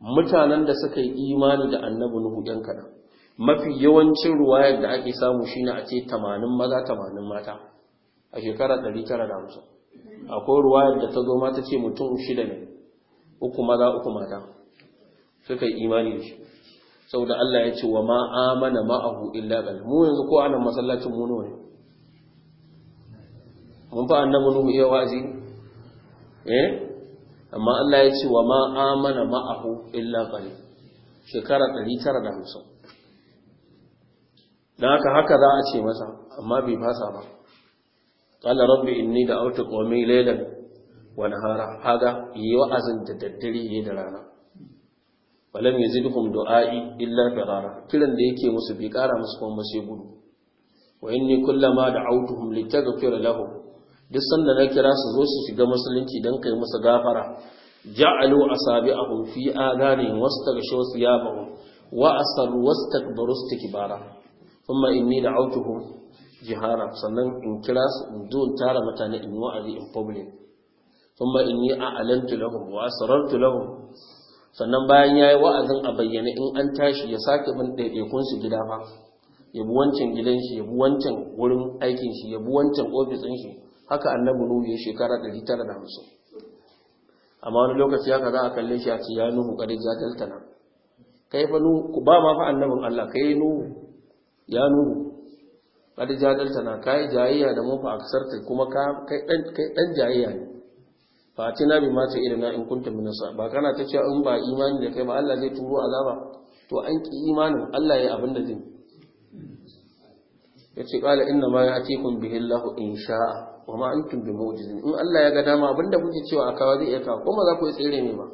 mutanen da suka yi imani da annabi nuhu ɗan kaɗan mafi yawancin ruwayar da ake samu shi ne a ce tamanin maza tamanin mata a shekarar ɗari tara da hamsin akwai ruwayar da ta zo mata ce mutum shida ne uku maza uku mata suka yi imani da shi saboda Allah ya ce wa ma amana ma'ahu illa qal mu yanzu ko anan masallacin mu ne mun fa annabi nuhu iya wazi eh amma Allah ya ce wa ma amana ma'ahu illa qali shekara 950 dan haka haka za a ce masa amma bai fasa ba qala rabbi inni auta qawmi laylan wa nahara haga yi wa'azin da daddare yi da rana walam yazidhum du'ai illa firara kiran da yake musu bai kara musu kuma sai gudu wa inni kullama da'awtuhum litaghfira lahum duk sanda na kira su zo su shiga musulunci don kai musu gafara ja'alu asabi'ahum fi adanihim wastaghshaw thiyabahum wa asarru wastakbaru istikbara thumma inni da'awtuhum jihara sannan in kira su in zo in tara mutane in wa'azi in public thumma inni a'lantu lahum wa asrartu lahum sannan bayan yayi wa'azin a bayyane in an tashi ya sake bin ɗaiɗaikun su gida fa bi wancan gidan shi bi wancan wurin aikin shi bi wancan ofisin shi haka annabi nuhu ya shekara 950 amma wani lokaci haka za a kalle shi a ce ya nuhu kadai jadaltana kai fa nuhu ku ba ma fa annabin Allah kai nuhu ya nuhu kadai jadaltana kai jayayya da mu fa aksarta kuma kai dan kai dan jayayya ne fa na bi ma ta ilina in kuntum sa, ba kana ta ce in ba imani da kai ba Allah zai turo azaba to an ki imanin Allah ya abin da zai yace qala inna ma ya'tikum bihi Allahu in sha'a wa ma antum bi mu'jizin in Allah ya ga dama abinda kuke cewa akawa zai iya kawo kuma za ku yi tsere ne ba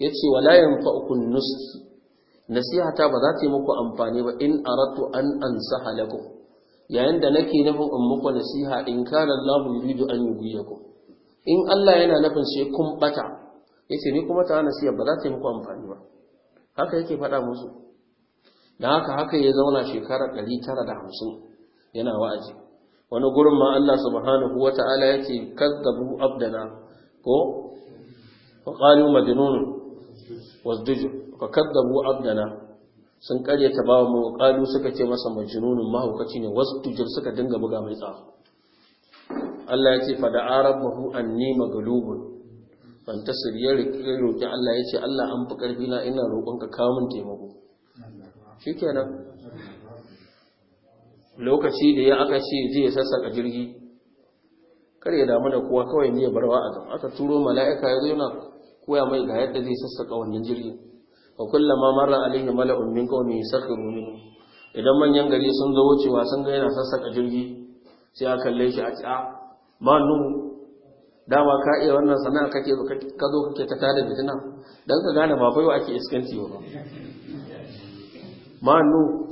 yace wala yanfa'ukum nuski ta ba za ta yi muku amfani ba in aratu an ansaha lakum yayin da nake nufin in muku nasiha in kana Allah yuridu an yughyikum in Allah yana nufin sai kun bata yace ni kuma ta nasiha ba za ta yi muku amfani ba haka yake faɗa musu dan haka haka ya zauna shekara 950 yana wa'azi wani gurin ma Allah subhanahu wata'ala yake kaddabu abdana ko wa qalu majnun wasduj fa kaddabu abdana sun karyata ba mu qalu suka ce masa majnunun mahaukaci ne wasduj suka dinga buga mai tsafa Allah yake fa da arabahu anni maglubun fantasir ya roƙi Allah ya ce Allah an fi ƙarfi na ina roƙonka kawo min taimako shikenan lokaci da ya aka ce zai sassaka jirgi kar ya damu da kowa kawai ne ya barwa a gaba aka turo mala'ika ya zai yana koya mai ga yadda zai sassaka wannan jirgi wa ma mara alaihi mala'un min qawmi sakhiru min idan manyan gari sun zo wucewa sun ga yana sassaka jirgi sai a kalle shi a ci ah, ma nu dama ka iya wannan sana'a kake ka zo kake ta tada fitina dan ka gane ba fa ake iskanci ba ma nu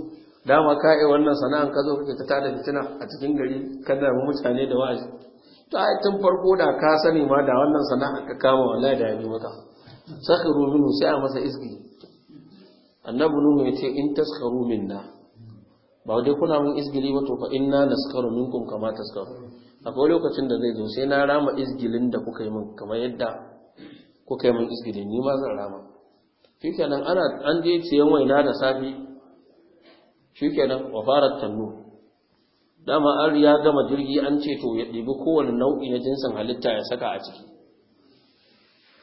dama ka yi wannan sana'an ka zo kake ta tada fitina a cikin gari ka damu mutane da wa'azi to ai tun farko da ka sani ma da wannan sana'a ka kama wallahi da yabi maka sakhiru minhu sai a masa izgi annabi nuhu yace in taskharu minna ba dai kuna mun izgili ba to fa inna naskharu minkum kama taskharu akwai lokacin da zai zo sai na rama izgilin da kuka yi min kamar yadda kuka yi min izgilin ni ma zan rama shikenan ana an je ciyan waina da safi shikenan wa tannu dama an ya gama jirgi an ce to ya ɗibi kowane nau'i na jinsin halitta ya saka a ciki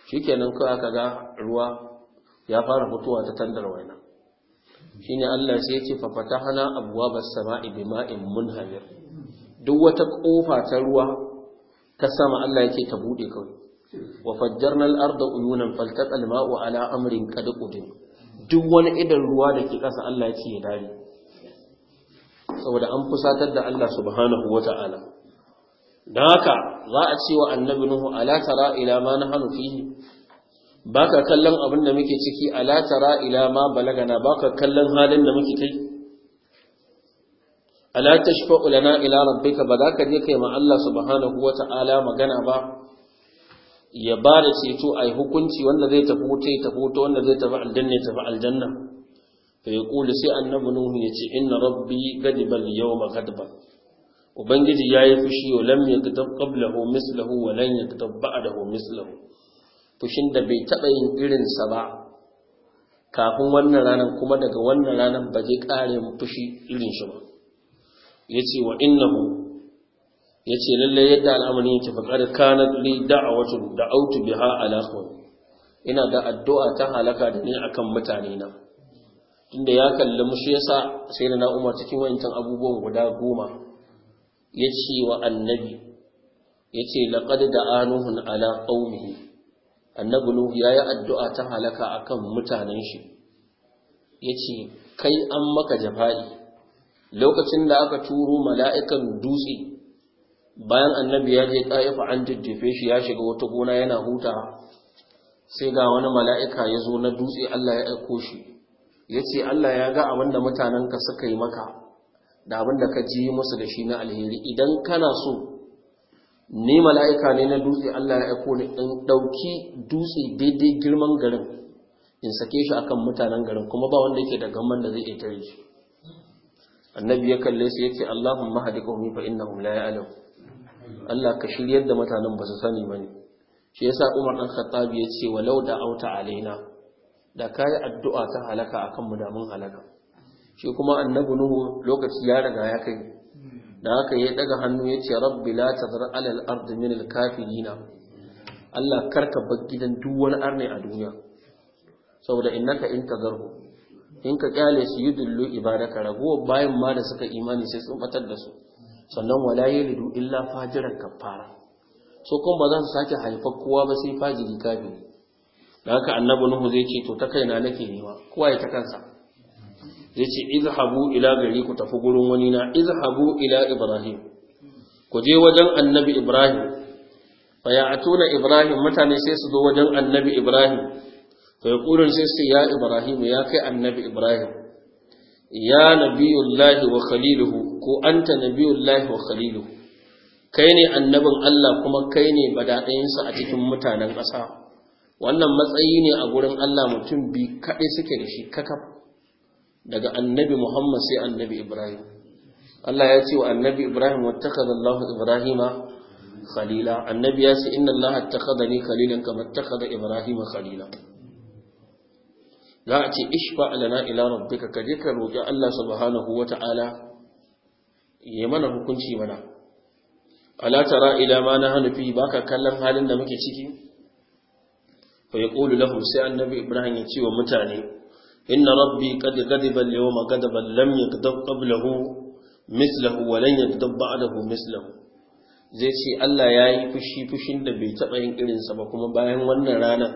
shikenan ko aka ga ruwa ya fara mutuwa ta tandar waina shine Allah sai ya ce fa fatahna abwabas sama'i bima'in munhamir duk wata kofa ta ruwa ta sama Allah yake ta bude kawai wa fajjarnal arda uyunan faltaqal ma'u ala amrin qad qudir duk wani idan ruwa da ke kasa Allah yake ya dare saboda an fusatar da Allah subhanahu ta'ala. da haka za a ce wa annabi nuhu ala tara ila ma na nahnu fihi ka kallon abin da muke ciki ala tara ila ma balagana Ba ka kallon halin da muke kai ala tashfa'u lana ila ka ba za ka je kai ma Allah subhanahu ta'ala magana ba ya ba da ceto a yi hukunci wanda zai tafi wuta ya tafi wuta wanda zai tafi aljanna ya tafi aljanna fa sai annabi nuhu ce inna rabbi gadibal yawma gadban ubangiji yayi fushi wa lam yaktab qablahu mislahu wa lan yaktab ba'dahu mislahu fushin da bai taba yin irin sa ba kafin wannan ranar kuma daga wannan ranar ba zai kare fushi irin shi ba yace wa innahu yace lalle yadda al'amari yake fa qad kanat li da'awatu da'awtu biha ala ina da addu'a ta halaka da ni akan mutane na tunda ya kalli mushi sa, sai da na umar cikin wancan abubuwan guda goma ya ce wa annabi ya ce laƙad da anuhun ala ƙaunihi annabi nuh ya yi addu'a ta halaka a kan mutanen shi ya ce kai an maka jafa'i lokacin da aka turo mala'ikan dutse bayan annabi ya je ɗa'ifa an jajjefe shi ya shiga wata gona yana huta sai ga wani mala'ika ya zo na dutse Allah ya aiko shi ya ce Allah ya ga abin da mutanenka suka yi maka da abin da ka ji musu da shi na alheri idan kana so ni mala'ika ne na dutse Allah ya aiko ni in ɗauki dutse daidai girman garin in sake shi akan mutanen garin kuma ba wanda yake da gamman da zai iya tare shi annabi ya kalle su yace Allahumma hadi ƙaumi fa innahum la ya'lam Allah ka shiryar da mutanen ba su sani ba ne. shi yasa Umar ɗan Khattab ce walau da auta alaina da ka yi addu'a ta halaka a kan mudamin halaka shi kuma annabi nuhu lokaci ya riga ya kai da haka ya daga hannu ya ce rabbi la tazar alal ardi min al kafirina Allah karka bar gidan duk wani arne a duniya saboda innaka in ka zarhu in ka kyale su yudullu ibadaka raguwa bayan ma da suka imani sai sun batar da su sannan wala yalidu illa fajiran kafara so kuma ba za su sake haifar kowa ba sai fajiri kafiri da haka annabi nuhu zai ce to ta kaina nake nema kowa ya ta kansa zai ce izhabu ila gari ku tafi gurin wani na izhabu ila ibrahim ku je wajen annabi ibrahim fa ya'tuna ibrahim mutane sai su zo wajen annabi ibrahim fa yaqulun sai su ya ibrahim ya kai annabi ibrahim ya nabiyullahi wa khaliluhu ko anta nabiyullahi wa khaliluhu kai ne annabin Allah kuma kai ne badaɗayensa a cikin mutanen ƙasa wannan matsayi ne a gurin Allah mutum bi kaɗai suke da shi kakaf daga annabi Muhammad sai annabi Ibrahim Allah ya ce wa annabi Ibrahim wattakaza Allah Ibrahima khalila annabi ya ce inna Allah ni khalilan kama ittakaza Ibrahima khalila za a ce ishfa lana ila rabbika kaje ka roki Allah subhanahu wata'ala ya mana hukunci mana ala tara ila ma nahnu fi baka kallon halin da muke ciki fa yaqulu lahum sai annabi ibrahim ya ce wa mutane inna rabbi qad ghadiba al-yawma ghadaban lam yaghdab qablahu mislahu wa lan yaghdab ba'dahu mislahu zai ce Allah ya yi fushi fushin da bai taɓa yin irinsa ba kuma bayan wannan rana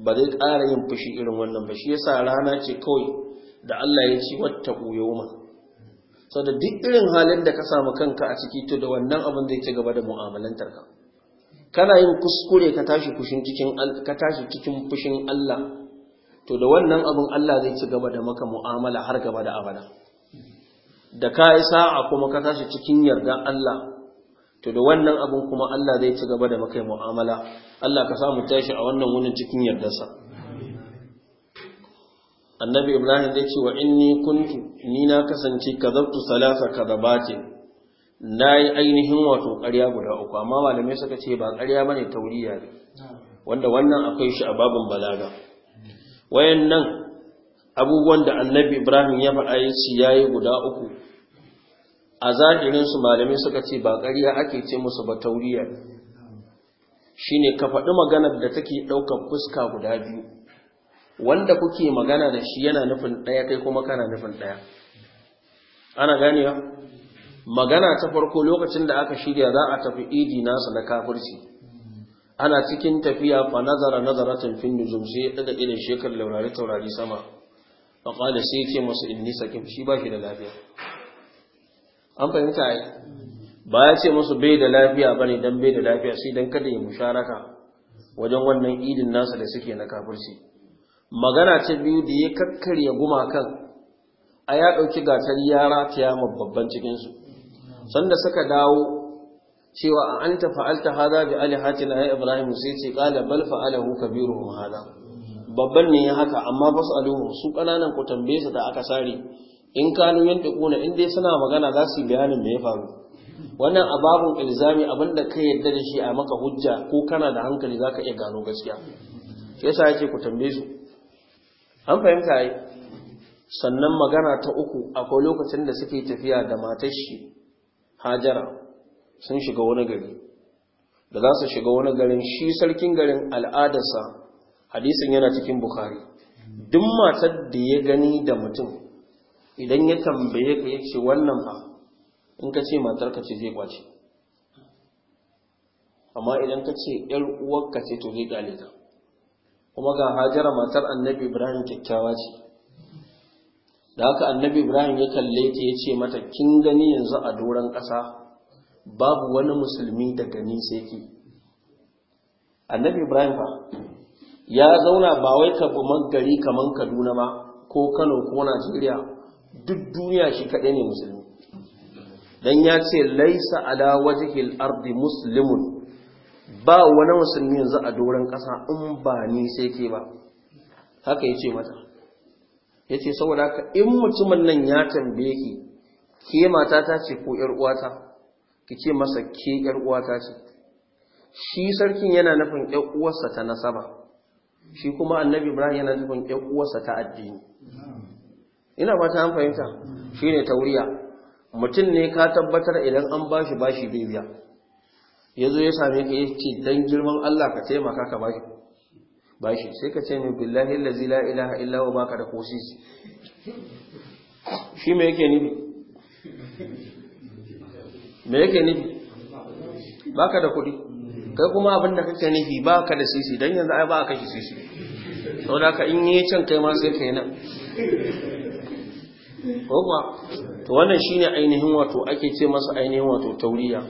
ba zai ƙara yin fushi irin wannan ba shi yasa rana ce kawai da Allah ya ci wata yawma sau da duk irin halin da ka samu kanka a ciki to da wannan abin zai ci gaba da mu'amalantarka. kana yin kuskure ka tashi kushin cikin ka tashi cikin fushin Allah to da wannan abin Allah zai ci gaba da maka mu'amala har gaba da abada da ka yi sa'a kuma ka tashi cikin yarda Allah to da wannan abin kuma Allah zai ci gaba da maka mu'amala Allah ka samu tashi a wannan wurin cikin yardarsa annabi ibrahim zai ce wa inni kuntu ni na kasance kadabtu salasa kazabatin na yi ainihin wato ƙarya guda uku amma malamai suka ce ba ƙarya ba ne tauriya ne wanda wannan akwai shi a babin balaga wayan nan abubuwan da annabi ibrahim ya faɗa ya ci ya guda uku a zahirinsu malamai suka ce ba ƙarya ake ce musu ba tauriya shi ne ka faɗi maganar da take ɗaukar fuska guda biyu wanda kuke magana da shi yana nufin ɗaya kai kuma kana nufin ɗaya ana ganewa magana ta farko lokacin da aka shirya za a tafi idi nasa na kafirci ana cikin tafiya fa nazara nazaratan fi nujum sai ya daga irin shekar laurari taurari sama fa qala sai ce masu inni sakin shi ba shi da lafiya an fahimta ai ba ya ce masu bai da lafiya bane dan bai da lafiya sai dan kada ya musharaka wajen wannan idin nasa da suke na kafirci magana ta biyu da ya kakkarya gumakan a ya ɗauki gatar yara ta yamma babban cikinsu sanda suka dawo cewa a an ta fa'alta hada bi alihatina ya ibrahim sai ce kala bal fa'alahu mu hada babban ne ya haka amma basu aluhu su kananan ku tambaye su da aka sare in kanu yantiquna in dai suna magana za su yi bayanin da ya faru wannan ababun ilzami da kai yarda da shi a maka hujja ko kana da hankali zaka iya gano gaskiya yasa yake ku tambaye su an fahimta ai sannan magana ta uku akwai lokacin da suke tafiya da matar hajara sun shiga wani gari da za su shiga wani garin shi sarkin garin al'adarsa hadisin yana cikin bukari duk matar da ya gani da mutum idan ya tambaye ka ya ce wannan fa in ka ce matar ka ce zai kwace amma idan ka ce ‘yar uwar ka ce to zai gane kuma ga hajara matar annabi ibrahim kyakkyawa ce da haka annabi ibrahim ya kalle ta ya ce mata kin gani yanzu a doron ƙasa babu wani musulmi da gani sai ke. annabi ibrahim fa ya zauna ba wai ka gari Kamar, kaduna ba ko kano ko najeriya duk duniya shi kaɗai ne musulmi dan ya ce laisa ala wajhil ardi muslimun ba wani musulmi yanzu a doron ƙasa in ba ni sai ke ba haka ya ce mata ya ce saboda haka in mutumin nan ya tambaye ki ke matata ce ko ‘yar uwata ki ce masa ke ‘yar uwata ce shi sarkin yana nufin ‘yar uwarsa ta nasaba shi kuma annabi ibrahim yana nufin ‘yar uwarsa ta addini ina ba ta fahimta shi ne tauriya mutum ne ka tabbatar idan an ba bashi ba bai biya ya zo ya same ka ya ce don girman allah ka taimaka ka bashi bashi sai ka ce mai billahi allazi la ilaha illa huwa baka da kosisi shi me yake nufi me yake nufi baka da kuɗi kai kuma abin da kake nufi baka da sisi dan yanzu ai ba ka shi sisi Sau da ka in yi can kai ma sai kai nan ko kuwa to wannan shine ainihin wato ake ce masa ainihin wato tauriya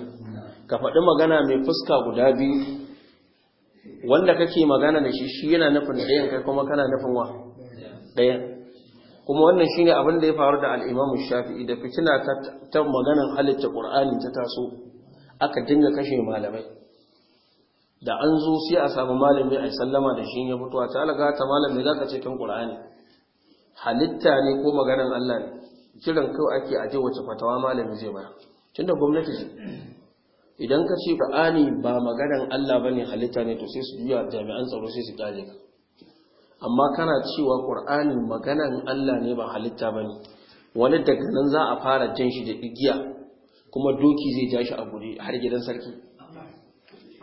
ka faɗi magana mai fuska guda biyu wanda kake magana da shi shi yana nufin ɗayan kai kuma kana nufin wa ɗayan kuma wannan shine abin da ya faru da al Shafi'i da fitina ta maganan halitta Qur'ani ta taso aka dinga kashe malamai da an zo sai a samu malami a sallama da shi ya fito a talaga ta malami za ka ce kan Kur'ani, halitta ne ko maganan Allah ne kiran kawai ake aje wace fatawa malami zai bayar tunda gwamnati idan ka ce qur'ani ba maganan Allah bane halitta ne to sai su juya jami'an tsaro sai su kyale ka amma kana cewa ƙur'ani maganan Allah ne ba halitta bane wani daga nan za a fara jan shi da igiya kuma doki zai ja shi a guri har gidan sarki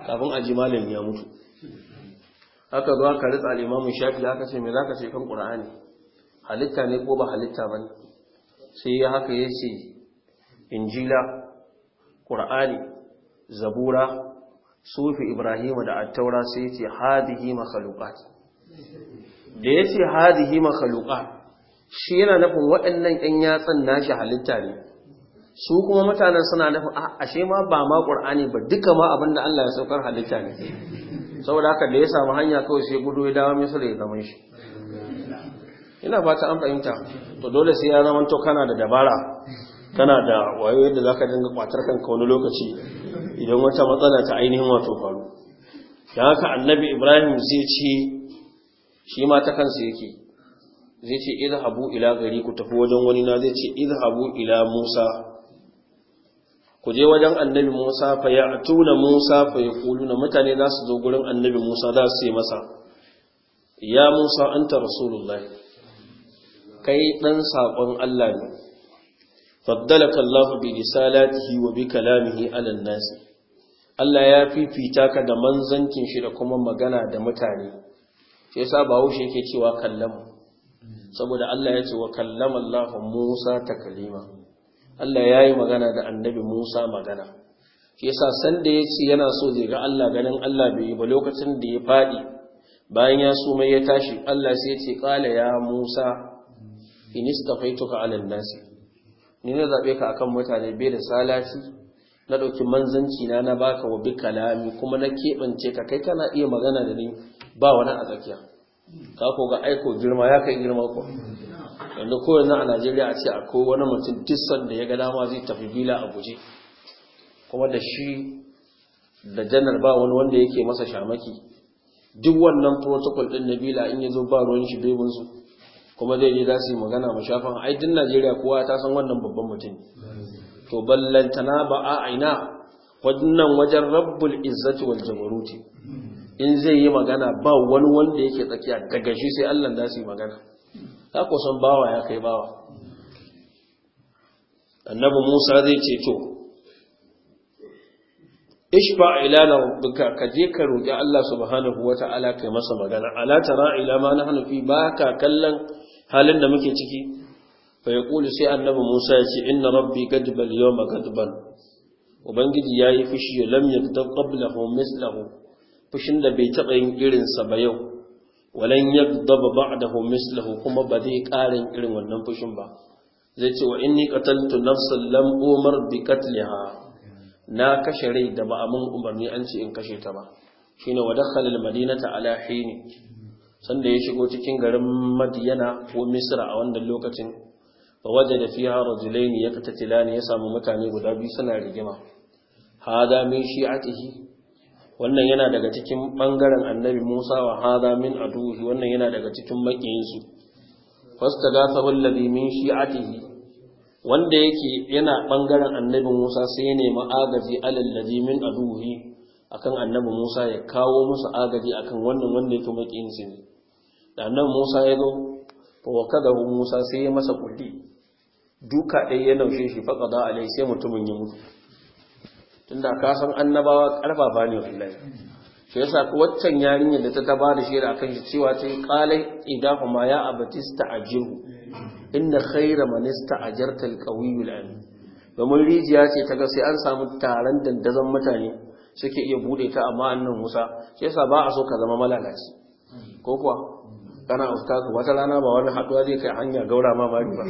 kafin a ji malam ya mutu Haka zuwa ka ritsa limamin shafi aka ce me ka ce kan ƙur'ani halitta ne ko ba halitta ba ne? sai ya haka ya ce injila ƙur'ani. zabura sufi ibrahim da attaura sai ce, hadihi makhluqat da yace hadihi makhluqat shi yana nufin waɗannan ƴan yatsan nashi halitta ne su kuma mutanen suna nufin ah, ashe ma ba ma qur'ani ba duka ma abinda Allah ya saukar halitta ne saboda haka da ya samu hanya kawai sai gudu ya dawo da ya zama shi ina fata an fahimta to dole sai ya zama to kana da dabara tana da wayo yadda za ka dinga kwatar kanka wani lokaci idan wata matsala ta ainihin wato faru da haka annabi ibrahim zai ce shi ma ta kansa yake zai ce abu ila gari ku tafi wajen wani na zai ce abu ila musa ku je wajen annabi musa fa ya tuna musa fa ya kulu na mutane za su zo gurin annabi musa za su yi masa ya musa anta rasulullahi kai dan saƙon allah ne faddalaka Allah bi risalatihi wa bi kalamihi ala nas Allah ya fifita ka da manzancin shi da kuma magana da mutane shi yasa Bahaushe yake cewa kallamu saboda Allah ya ce wa kallama Allah Musa takalima Allah ya yi magana da annabi Musa magana shi yasa san da ya ce yana so zai ga Allah ganin Allah bai yi ba lokacin da ya faɗi bayan ya sumai ya tashi Allah sai ya ce ƙala ya Musa in istafaituka ala nasi ni na zaɓe ka akan mutane bai da salati na ɗauki manzanci na na baka wa bika lami kuma na keɓance ka kai kana iya magana da ni ba wani a tsakiya ka ko ga aiko girma ya kai girma ko wanda ko yanzu a Najeriya a ce akwai wani mutum tisan da ya ga dama zai tafi bila a guje kuma da shi da janar ba wani wanda yake masa shamaki duk wannan protocol na bila in ya zo ba ruwan shi bebin su kuma zai je za su yi magana mashafan ai Najeriya kowa ta san wannan babban mutum to ballantana ba a aina wannan wajen rabbul izzati wal jabaruti in zai yi magana ba wani wanda yake tsakiya daga shi sai Allah da su yi magana ta kusan bawa ya kai bawa annabi Musa zai ce to ishfa ila rabbika ka je ka roki Allah subhanahu wata'ala kai masa magana ala tara ila ma nahnu fi baka kallon. halin da muke ciki bai kuli sai annabi Musa ya ce inna rabbi gadbal yawma gadban ubangiji yayi fushi lam yaktab qablahu mislahu fushin da bai taba yin irin sa ba yau walan yakdaba ba'dahu mislahu kuma ba zai karin irin wannan fushin ba zai ce wa inni qataltu nafsan lam umar bi qatliha na kashe rai da ba amin umarni an ce in kashe ta ba shine wa dakhala al-madinata ala hini sanda ya shigo cikin garin madiyana ko misra a wannan lokacin fa wajada fiha rajulaini yaqtatilani ya samu mutane guda biyu suna rigima hada min shi'atihi wannan yana daga cikin bangaren annabi Musa wa hada min aduhi wannan yana daga cikin makiyinsu fastagatha wallazi min shi'atihi wanda yake yana bangaren annabi Musa sai ya nemi agaji alallazi min aduhi akan annabi Musa ya kawo musu agaji akan wannan wanda yake makiyinsu ne da musa ya zo wa musa sai ya masa kulli duka ɗaya ya naushe shi faɗa za a lai sai mutumin ya mutu tunda ka san annabawa ƙarfafa ne wallahi shi yasa sa waccan yarinyar da ta taba da shi da akan shi cewa ta yi qalai idahu kuma ya abatista ajiru inna a man ista'jarta alqawiyyu amin domin rijiya ce ta ga sai an samu taron dandazon mutane suke iya buɗe ta amma annan Musa shi yasa ba a so ka zama malalaci ko kuwa kana ustazu wata rana ba wani haduwa zai kai hanya gaura ma ba ba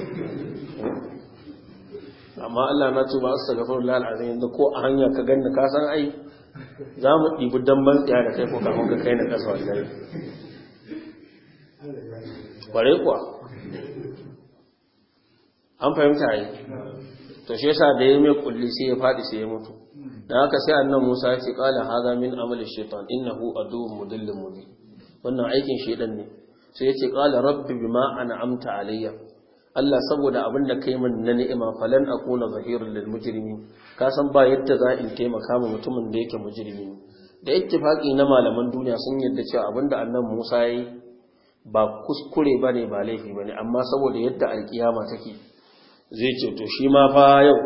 amma Allah na tuba astaghfirullah alazim yadda ko a hanya ka ganni ka san ai za mu ɗibi dan ban tsaya da kai ko ka ka kai na kasa wallahi bare kuwa an fahimta ai to shi yasa da ya yi mai kulli sai ya faɗi sai ya mutu da haka sai annan Musa ya ce kala hadha min amali shaytan innahu aduwwun mudillun mubin wannan aikin shaytan ne sai ya ce ƙala rabbi bima amta alayya Allah saboda abin da kai min na ni'ima falan akuna zahirul lil mujrimin ka san ba yadda za in taimaka ma mutumin da yake mujrimi da ittifaqi na malaman duniya sun yadda cewa abinda annabi Musa yi ba kuskure bane ba laifi bane amma saboda yadda alkiyama take zai ce to shi ma fa yau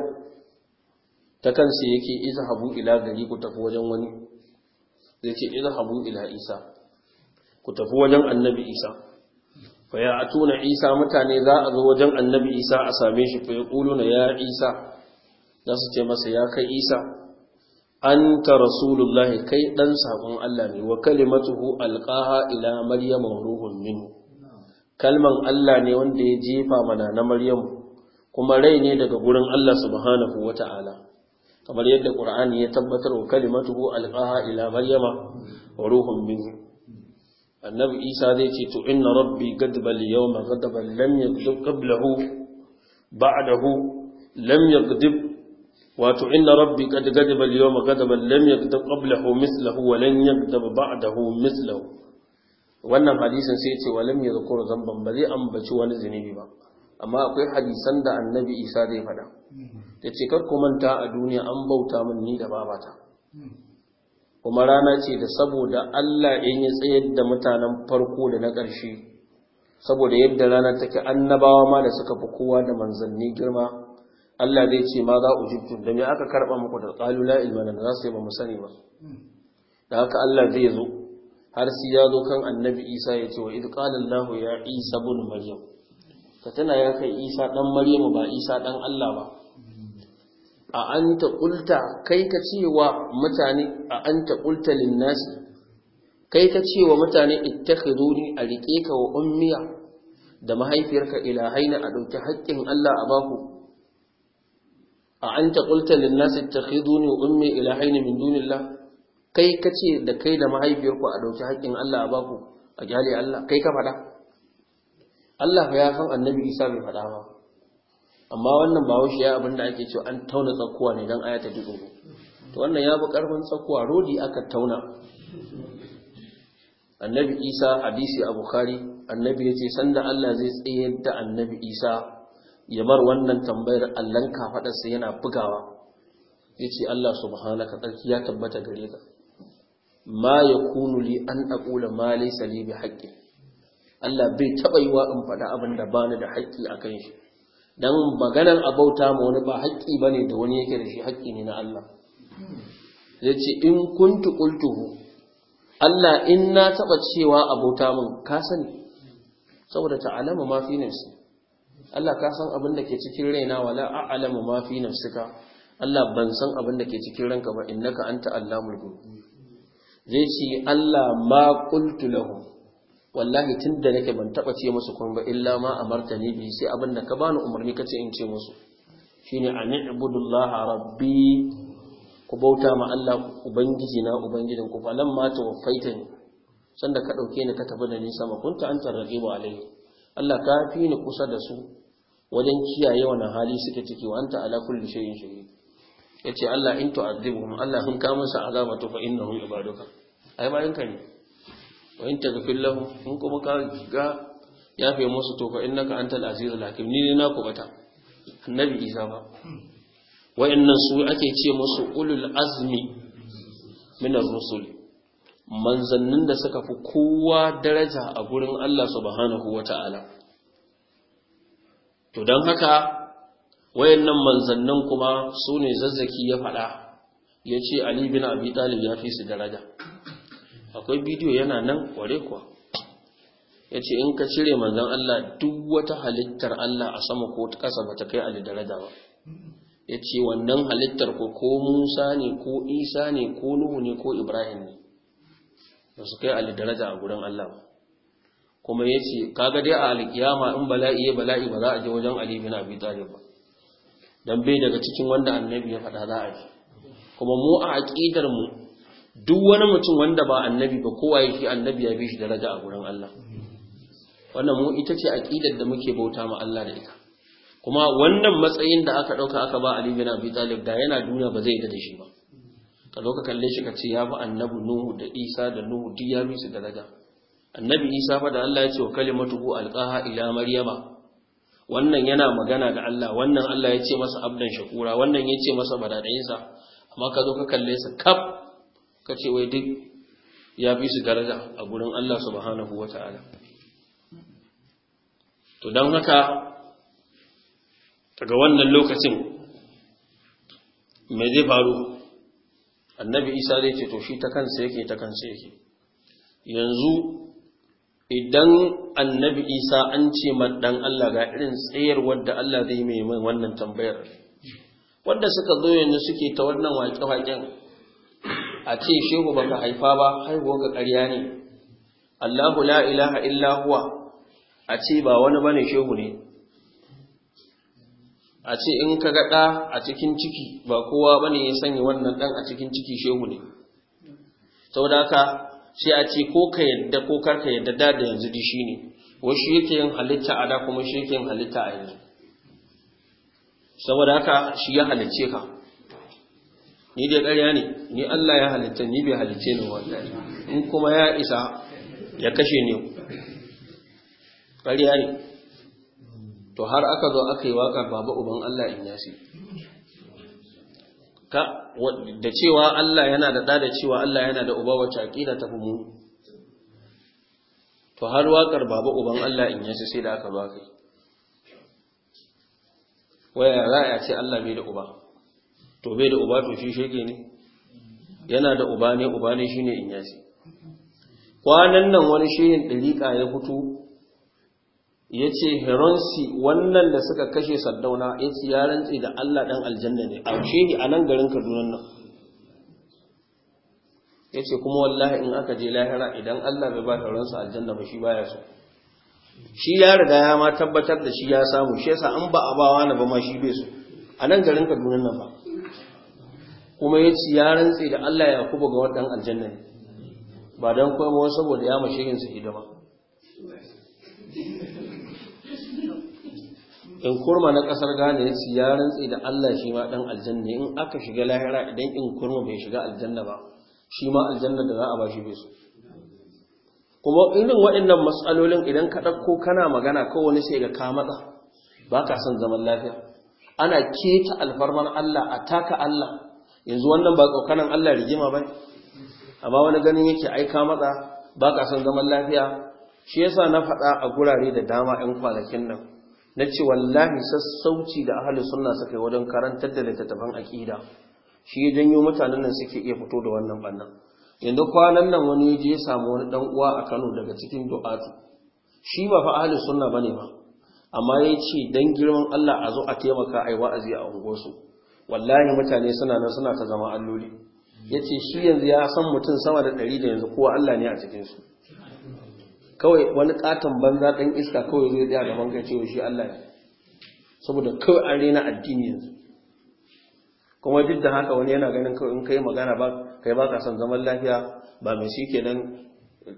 ta kansa yake izhabu ila gari ku tafi wajen wani zai ce izhabu ila Isa ku tafi wajen annabi isa fa ya atuna isa mutane za a zo wajen annabi isa a same shi fa na ya isa za su ce masa ya kai isa anta rasulullahi kai dan sakon Allah ne wa kalimatuhu alqaha ila maryama ruhun min. kalman Allah ne wanda ya jefa mana na maryamu kuma rai ne daga gurin Allah subhanahu wata'ala kamar yadda Qur'ani ya tabbatar wa kalimatuhu alqaha ila maryama wa ruhun annabi isa zai ce to inna rabbi gadbal yawma ghadaban lam yaghdab qablahu ba'dahu lam yaghdab wato inna rabbi qad gadaba al-yawma gadaban lam yaghdab qablahu mithluhu wa lan yaghdab ba'dahu mithluhu wannan hadisin sai ce wa lam yadhkur dhanban ba zai ambaci wani zunubi ba amma akwai hadisan da annabi isa zai faɗa hmm. yace kar ku manta a duniya an bauta min ni da babata hmm. kuma rana ce da saboda Allah in ya tsayar da mutanen farko da na ƙarshe saboda yadda rana take annabawa ma da suka fi kowa da manzanni girma Allah zai ce ma za ujibtu da me aka karba muku da qalu la ilma lana za su yi ba mu ba da haka Allah zai zo har sai ya zo kan annabi Isa ya ce wa id qala Allah ya Isa ibn Maryam ka tana ya kai Isa dan Maryamu ba Isa dan Allah ba a an ta ƙulta kai ka cewa mutane a an ta ƙulta linnasi kai ka cewa mutane ittakhiduni a riƙe ka wa ummiya da mahaifiyarka ilahaina a ɗauki haƙƙin Allah a baku a an ta ƙulta linnasi ittakhiduni wa ummi ilahaina min dunillah kai ka ce da kai da mahaifiyarku a ɗauki haƙƙin Allah a baku a jali Allah kai ka faɗa Allah ya san annabi Isa bai faɗa ba amma wannan ba wasu ya abinda ake cewa an tauna tsakuwa ne don ayata dubu to wannan ya bi karfin tsakuwa rodi aka tauna annabi isa hadisi a bukari annabi ya ce sanda allah zai tsayar da annabi isa ya mar wannan tambayar allon kafaɗarsa yana bugawa ya ce allah su ka tsarki ya tabbata gare ka ma ya kunu li an aƙula ma laisa li bi haƙƙi allah bai taɓa yi wa in faɗa abin da bani da haƙƙi a kan shi dan maganar abauta ma wani ba haƙƙi bane da wani yake da shi haƙƙi ne na Allah zai ce in kuntu qultuhu Allah in na taba cewa abauta mun ka sani saboda ta'alama ma fi nafsi Allah ka san abin da ke cikin raina wala a'lamu ma fi ka, Allah ban san abin da ke cikin ranka ba innaka anta allamul ghuyub zai ce Allah ma qultu lahu wallahi tun da nake ban taba ce musu kun ba illa ma amarta ni bi sai abin da ka bani umarni ka ce in ce musu shine an ibudullah rabbi ku bauta ma Allah ubangiji na ubangijin ku falan ma tawaffaita ni sanda ka dauke ni ka tafi da ni sama kunta an tarqibu alai Allah ka fi ni kusa da su wajen kiyaye wannan hali suke ciki wa anta ala kulli shay'in shahid yace Allah in tu'azibuhum Allah in ka sa azaba to fa innahum ibaduka ai bayan ka ne wa in taghfir lahu in kuma ka ga yafe musu to fa innaka antal azizul hakim ni ne na kubata annabi isa ba wa'annan su ake ce musu ulul azmi min ar-rusul manzannin da suka fi kowa daraja a gurin Allah subhanahu wata'ala to dan haka wayannan manzannin kuma su ne zazzaki ya faɗa ya ce Ali bin Abi ya fi su daraja akwai bidiyo yana nan kware kuwa ya ce in ka cire manzan Allah duk wata halittar Allah a sama ko kasa ba ta kai ali daraja ba ya ce wannan halittar ko ko musa ne ko isa ne ko nuhu ne ko ibrahim ne ba su kai ali daraja a gurin Allah ba kuma ya ce kaga dai a alkiyama in bala'i ya bala'i ba za a je wajen ali bin abi talib ba dan bai daga cikin wanda annabi ya faɗa za a yi kuma mu a aƙidar mu duk wani mutum wanda ba annabi ba kowa yake annabi ya bi shi daraja a gurin Allah wannan mu ita ce aqidar da muke bauta ma Allah da ita kuma wannan matsayin da aka dauka aka ba Ali bin Abi Talib da yana duniya ba zai yi da shi ba ka zo ka kalle shi ka ce ya fi annabi Nuhu da Isa da Nuhu duk ya bishi daraja annabi Isa fa da Allah ya ce wa kalimatuhu alqaha ila maryama wannan yana magana ga Allah wannan Allah ya ce masa abdan shakura wannan ya ce masa badadayinsa amma ka zo ka kalle sa kaf ka ce wai duk ya fi su daraja a gurin Allah subhanahu wa ta'ala to don haka daga wannan lokacin mai zai faru annabi isa zai ce to shi ta kansa yake ta kansa yake yanzu idan annabi isa an ce dan Allah ga irin tsayar wadda Allah zai mai wannan tambayar wadda suka zo yanzu suke ta wannan waƙe-waƙen a ce shehu baka haifa ba Haihuwa ga ƙarya ne Allahu la ilaha illa huwa a ce ba wani bane shehu ne a ce in ka ga ɗa a cikin ciki ba kowa bane ya sanya wannan ɗan a cikin ciki shehu ne saboda haka sai a ce ko ka yadda ko kar ka yadda da yanzu di shi ne wasu yake yin halitta a da kuma shi yake yin halitta a yanzu saboda haka shi ya halicce ka ni dai ƙarya ne ni Allah ya halitta ni bai halitta ni wallahi in kuma ya isa ya kashe ni ƙarya ne to har aka zo aka yi waƙar baba uban Allah in yasi ka da cewa Allah yana da ɗa da cewa Allah yana da uba wacce aqida ta fi mu to har waƙar baba uban Allah in yasi sai da aka zo aka yi waya za a ce Allah bai da uba to bai da uba to shi shege ne yana da uba ne uba ne shine in yasi kwanan nan wani shehin ɗariƙa ya fito ya ce heronsi wannan da suka kashe saddauna ya ya rantse da allah ɗan aljanna ne a shehi a nan garin kaduna nan ya ce kuma wallahi in aka je lahira idan allah bai ba heronsa aljanna ba shi baya so shi ya riga ya ma tabbatar da shi ya samu shi yasa an ba a na ba ma shi bai so a nan garin kaduna nan ba kuma ya ci ya rantse da Allah ya kuba ga waɗannan aljanna ne ba don kuma saboda ya mashi yin su hidima in kurma na ƙasar Ghana ya ci ya rantse da Allah shi ma ɗan aljanna in aka shiga lahira idan in kurma bai shiga aljanna ba shi ma aljanna da za a bashi bai su kuma irin waɗannan matsalolin idan ka ɗauko kana magana kowane sai ga ka matsa ba ka son zaman lafiya ana keta alfarman Allah a taka Allah yanzu wannan ba tsokanan Allah rigima ba amma wani ganin yake aika matsa ba ka son zaman lafiya shi yasa na faɗa a gurare da dama 'yan kwanakin nan na ce wallahi sassauci da ahalin sunna suka yi wajen karantar da littattafan aƙida shi ya janyo mutanen nan suke iya fito da wannan bannan yanzu kwanan nan wani ya je ya samu wani dan uwa a Kano daga cikin du'atu shi ba fa ahalin sunna ne ba amma ya ce dan girman Allah a zo a taimaka a yi wa'azi a unguwarsu wallahi mutane suna nan suna ta zama alloli Ya ce shi yanzu ya san mutum sama da ɗari da yanzu kowa Allah ne a cikinsu. kawai wani katon banza ɗan iska kawai zai tsaya gaban kai cewa shi Allah ne saboda kawai an rena addini yanzu kuma duk da haka wani yana ganin kawai in kai magana ba kai ba ka san zaman lafiya ba mai shi nan,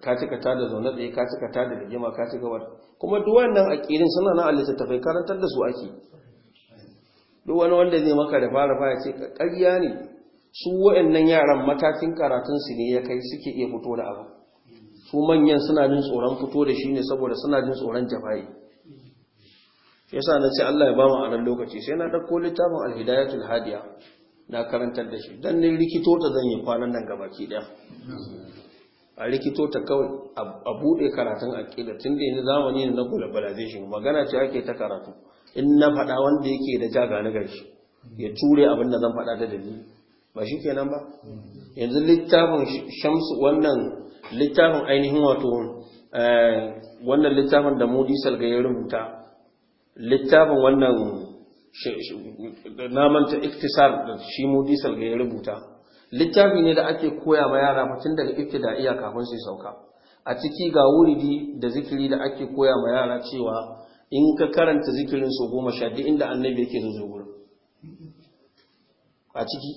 ka cika ta da zaune tsaye ka cika ta da rigima ka cika wata kuma duk wannan aƙirin suna na littattafai karantar da su ake duk wani wanda zai maka da fara fara ce ƙarya ne su wa'annan yaran matakin karatunsu ne ya kai suke iya fito da abu su manyan suna jin tsoron fito da shi ne saboda suna jin tsoron jafa'i sa na ce Allah ya ba mu a lokaci sai na ɗauko littafin alhidayatul hadiya na karantar da shi dan ni rikito ta zan yi kwanan nan gaba ke ɗaya a rikito ta kawai a buɗe karatun aƙida tun da yanzu zamani ne na globalization magana ce ake ta karatu in na faɗa wanda yake da ja na gashi ya ture abin da zan faɗa da dalili ba shi kenan ba yanzu littafin shamsu wannan littafin ainihin wato eh, wannan littafin da disal ga ya rubuta littafin wannan namanta iktisar da shi disal ga ya rubuta littafi ne da ake koya ma yara mutum daga ibtida'iya kafin su sauka a ciki ga wuridi da zikiri da ake koya ma yara cewa in ka karanta zikirin su goma sha duk inda annabi yake zo gurin a ciki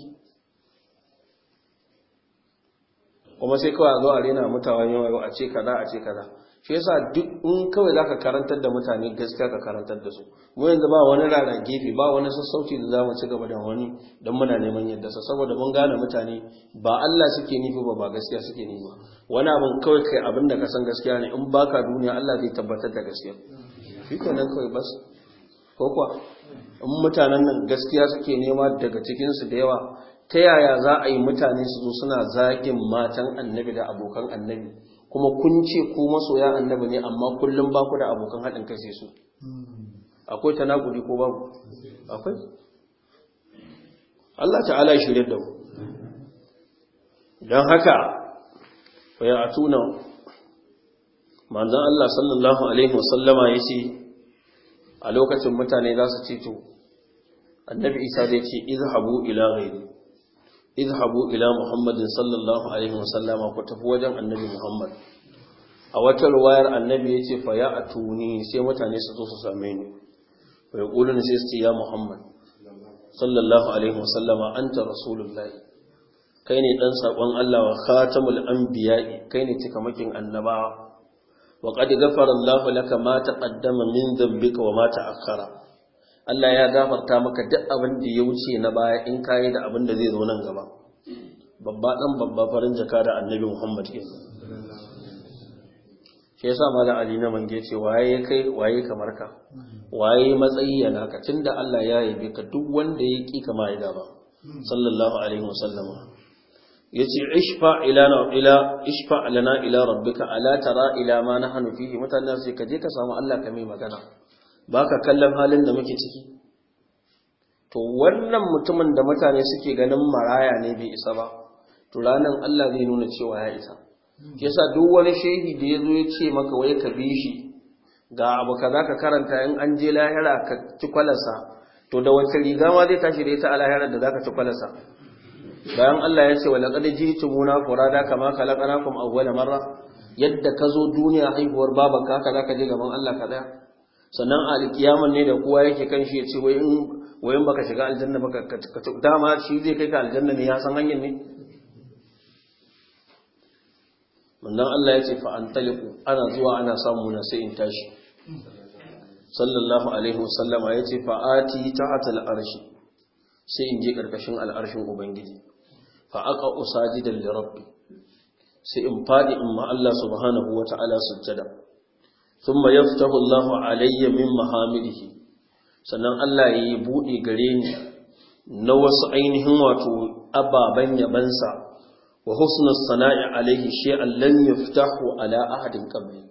kuma sai kawai zo a rena mutawan yawa a ce kaza a ce kaza shi yasa duk in kawai zaka karantar da mutane gaskiya ka karantar da su mu yanzu ba wani rana gefe ba wani sassauci da zamu ci gaba da wani dan muna neman yadda sa saboda mun gane mutane ba Allah suke nufi ba ba gaskiya suke nufi ba wani abin kawai kai abin da ka san gaskiya ne in baka duniya Allah zai tabbatar da gaskiya shi kenan kawai bas ko kuwa in mutanen nan gaskiya suke nema daga cikinsu da yawa ta yaya za a yi mutane su zo suna zaƙin matan annabi da abokan annabi kuma kun ce ku masoya annabi ne amma kullum ba ku da abokan haɗin kai sai su akwai ta nagudi ko babu akwai Allah ta'ala shirye da mu don haka fa ya tuna, manzan Allah sallallahu alaihi wasallama ya ce. a lokacin mutane za su ce to annabi isa dai ce izhabu ila ghairi izhabu ila muhammadin sallallahu alaihi wasallama ku tafi wajen annabi muhammad a wata ruwayar annabi ya ce fa ya atuni sai mutane su zo su same ni fa yaqulun sai su ce ya muhammad sallallahu alaihi wasallama anta rasulullahi kai ne ɗan saƙon Allah wa khatamul anbiya'i kai ne cikamakin annabawa wa qad ghafara Allahu laka ma taqaddama min dhanbika wa ma ta'akhkhara Allah ya gafarta maka duk abin da ya wuce na baya in kayi da abin da zai zo nan gaba babba dan babba farin jaka da annabi Muhammad ke shi yasa malam Ali na mange ce waye kai waye kamar ka waye matsayi yana ka tunda Allah ya yabe ka duk wanda ya ki kama ya ba sallallahu alaihi wasallam yace ishfa ila ila ishfa lana ila rabbika ala tara ila ma nahnu fihi mutanna sai ka je ka samu Allah ka mai magana baka kallon halin da muke ciki to wannan mutumin da mutane suke ganin maraya ne bai isa ba to ranan Allah zai nuna cewa ya isa yasa duk wani shehi da ya zo ya ce maka wai ka bi shi ga abu kaza ka karanta in an je lahira ka ci kwalasa to da wata riga ma zai tashi da ita a da zaka ci kwalasa bayan Allah ya ce wa laqad jitumuna furada kama khalaqnakum awwala marra yadda ka zo duniya haihuwar babanka haka ka je gaban Allah ka daya sannan alkiyaman ne da kowa yake kan shi ya ce wai in wai in baka shiga aljanna baka ka dama shi zai kai ka aljanna ne ya san hanyar ne manzon Allah ya ce fa antaliqu ana zuwa ana samu na sai in tashi sallallahu alaihi wasallama ya ce fa ati ta'atal arshi sai in je ƙarƙashin al'arshin ubangiji fa aka usajidan da rabbi sai in faɗi in ma Allah subhanahu wata'ala sujjada thumma yaftahu Allah alayya min mahamidihi sannan Allah ya yi buɗe gare ni na wasu ainihin wato ababan yabansa wa husnus sana'i alayhi shay'an ya yaftahu ala ahadin qabli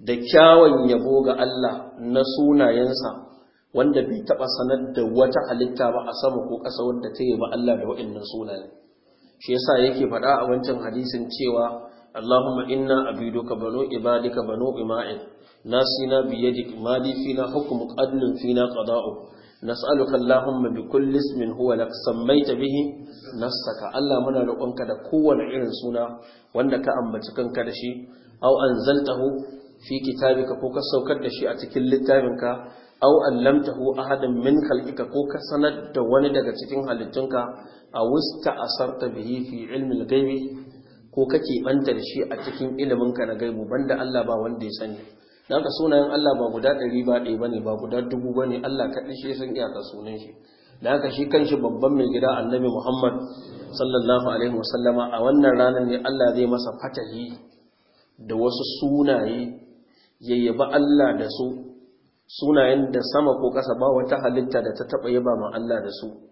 da kyawun yabo ga Allah na sunayensa wanda bai taba sanar da wata halitta ba a sama ko ƙasa wanda ta yi ba Allah da waɗannan sunayen shi yasa yake faɗa a wancan hadisin cewa Allahumma inna abiduka banu ibadika banu ima'in nasina biyadik madi fina hukmuk adlun fina qada'u nas'aluka Allahumma bi kulli ismin huwa lak sammaita bihi nafsaka Allah muna roƙonka da kowane irin suna wanda ka ambaci kanka da shi aw anzaltahu fi kitabika ko ka saukar da shi a cikin littafinka aw allamtahu ahadan min khalqika ko ka sanar da wani daga cikin halittunka a wusta a bihi fi ilmin gaibi ko kake banta da shi a cikin ilimin ka na gaibu banda Allah ba wanda ya sani da aka sunayen Allah ba guda ɗari ba ɗaya ne, ba guda dubu ba ne. Allah kaɗai shi san iyaka sunan shi da aka shi kanshi babban mai gida annabi Muhammad sallallahu alaihi wasallama a wannan ranar ne Allah zai masa fatahi da wasu sunaye yayyaba Allah da su sunayen da sama ko ƙasa ba wata halitta da ta taɓa yaba ma Allah da su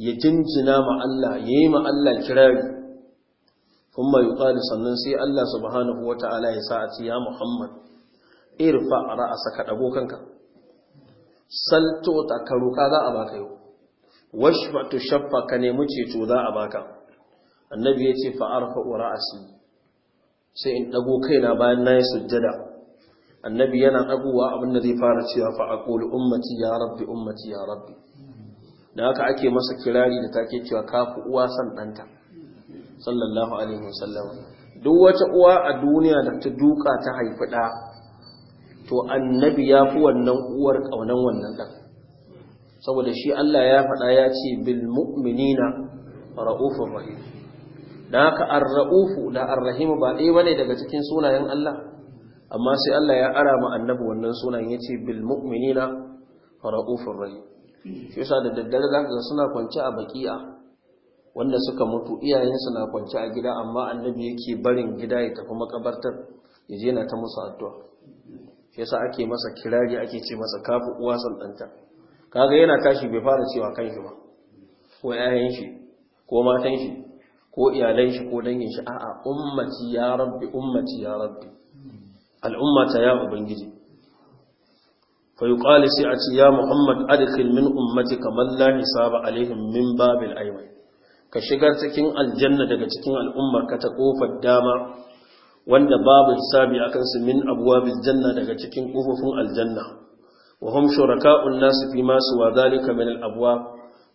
ya jinjina ma Allah ya yi ma Allah kirari mai yi sannan sai Allah subhanahu wa ta'ala ya sa a ce ya Muhammad irfa a ra'asa ka ɗago kanka salto ta ka roƙa za a baka yau Washba tu shaffa ka nemi ceto za a baka annabi ya ce fa'ar arfa ra'asi sai in ɗago kaina bayan na yi sujjada annabi yana ɗagowa abin da zai fara cewa fa aqulu ummati ya rabbi ummati ya rabbi da haka ake masa kirari da take cewa kafu uwa san ɗanta sallallahu alaihi wasallam duk wata uwa a duniya da ta duka ta haifi ɗa to annabi ya fi wannan uwar ƙaunan wannan ɗan saboda shi Allah ya faɗa ya ce bil mu'minina ra'ufur rahim Da haka ar-ra'ufu da ar-rahim ba ɗaya bane daga cikin sunayen Allah amma sai Allah ya ara ma annabi wannan sunan ce, bil mu'minina ra'ufur rahim shi yasa da daddare za ka ga suna kwance a baki'a wanda suka mutu iyayensu na kwance a gida amma annabi yake barin gida ya tafi makabartar ya je na ta musu addu'a shi yasa ake masa kirari ake ce masa kafu uwa sandanta kaga yana tashi bai fara cewa kan shi ba ko yayan shi ko matan shi ko iyalan shi ko dangin shi a'a ummati ya rabbi ummati ya rabbi al'ummata ya ubangiji fa sai a ci ya muhammad adkhil min ummati kamar la hisaba alaihim min babil aiwai. ka shigar cikin aljanna daga cikin al'ummar ka ta kofar dama wanda babu hisabi a su min abwabil janna daga cikin kofofin aljanna wa hum shuraka'un nasu fi ma zalika min al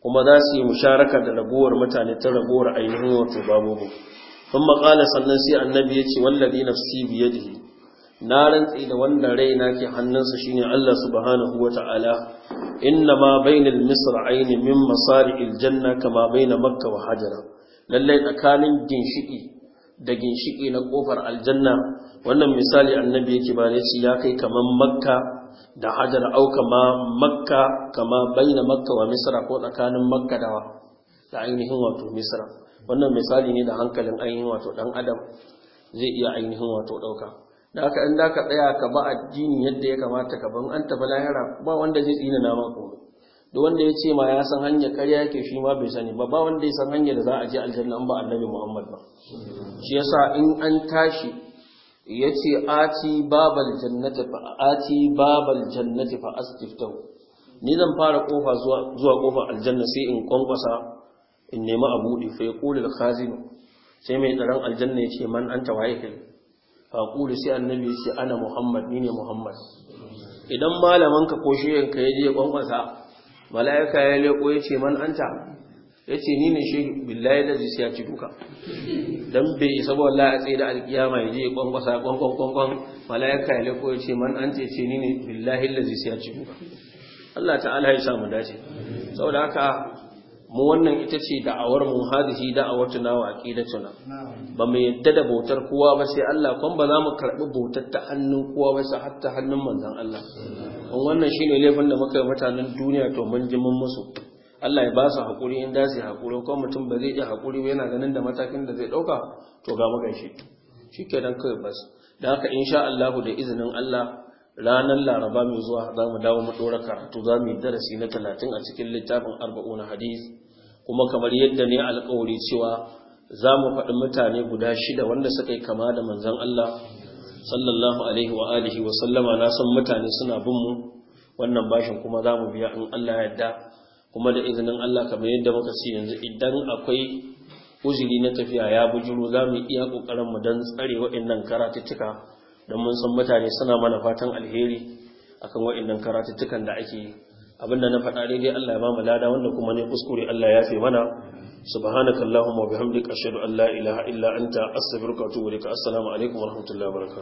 kuma za su yi musharaka da raguwar mutane ta raguwar ainihin wato babubu sun maƙala sannan sai annabi ya ce wallazi nafsi biyadihi na rantsi da wanda raina ke hannunsa shine Allah subhanahu wata'ala inna ma bainal misra'ain min masari'il janna kama baina makka wa hajara lallai tsakanin ginshiki da ginshiki na kofar aljanna wannan misali annabi yake ba ne ya kai kaman makka da hajar au kama makka kama baina makka wa misra ko tsakanin makka da da ainihin wato misra wannan misali ne da hankalin ainihin wato dan adam zai iya ainihin wato dauka da haka in da ka tsaya ka ba addini yadda ya kamata ka ban an tafi lahira ba wanda zai tsina na mako duk wanda ya ce ma ya san hanyar karya yake shi ma bai sani ba ba wanda ya san hanyar da za a je aljanna ba annabi muhammad ba shi yasa in an tashi ya ce ati babal jannati fa ati babal jannati fa astiftau ni zan fara kofa zuwa zuwa kofar aljanna sai in kwankwasa in nemi a buɗe fa yaqulu al-khazin sai mai tsaron aljanna ya ce man anta waye kai faƙuli sai annabi sai ana muhammad ni ne muhammad idan malamanka ko shehinka ya je kwankwasa mala'ika ya leko ya ce man anta ya ce ni ne shi billahi da zai siya ci duka don bai isa ba wallahi a tsaye da alkiyama ya je kwankwasa kwankwan kwankwan mala'ika ya leko ya ce man anta ya ce ni ne billahi da zai siya ci duka Allah ta'ala ya samu dace saboda haka mu wannan ita ce da'awar mu hadisi da'awatu na wa aqidatuna ba mu yadda da bautar kowa ba sai Allah kun ba za mu karbi bautar ta hannun kowa ba sai hatta hannun manzon Allah kun wannan shine laifin da muka yi mutanen duniya to mun ji mun musu Allah ya ba su hakuri in da su hakuri mutum ba zai iya hakuri ba yana ganin da matakin da zai ɗauka? to ga mu gaishe shikenan kai bas da haka insha Allah da izinin Allah ranar laraba mai zuwa za mu dawo mu ɗora karatu za mu yi darasi na talatin a cikin littafin arba'una hadis kuma kamar yadda ne alkawari cewa za mu faɗi mutane guda shida wanda suka yi kama da manzan Allah sallallahu alaihi wa alihi wa sallama na san mutane suna bin mu wannan bashin kuma za mu biya in Allah yadda kuma da izinin Allah kamar yadda muka ce yanzu idan akwai uzuri na tafiya ya bujuro za mu iya kokarin mu dan tsare waɗannan karatuttuka don mun san mutane suna mana fatan alheri akan waɗannan karatuttukan da ake yi abinda na faɗa daidai Allah ya ba mu lada wanda kuma ne kuskure Allah ya fi mana subhanakallahumma wa bihamdika ashhadu an la ilaha illa anta astaghfiruka wa atubu ilaik assalamu alaikum wa rahmatullahi wa barakatuh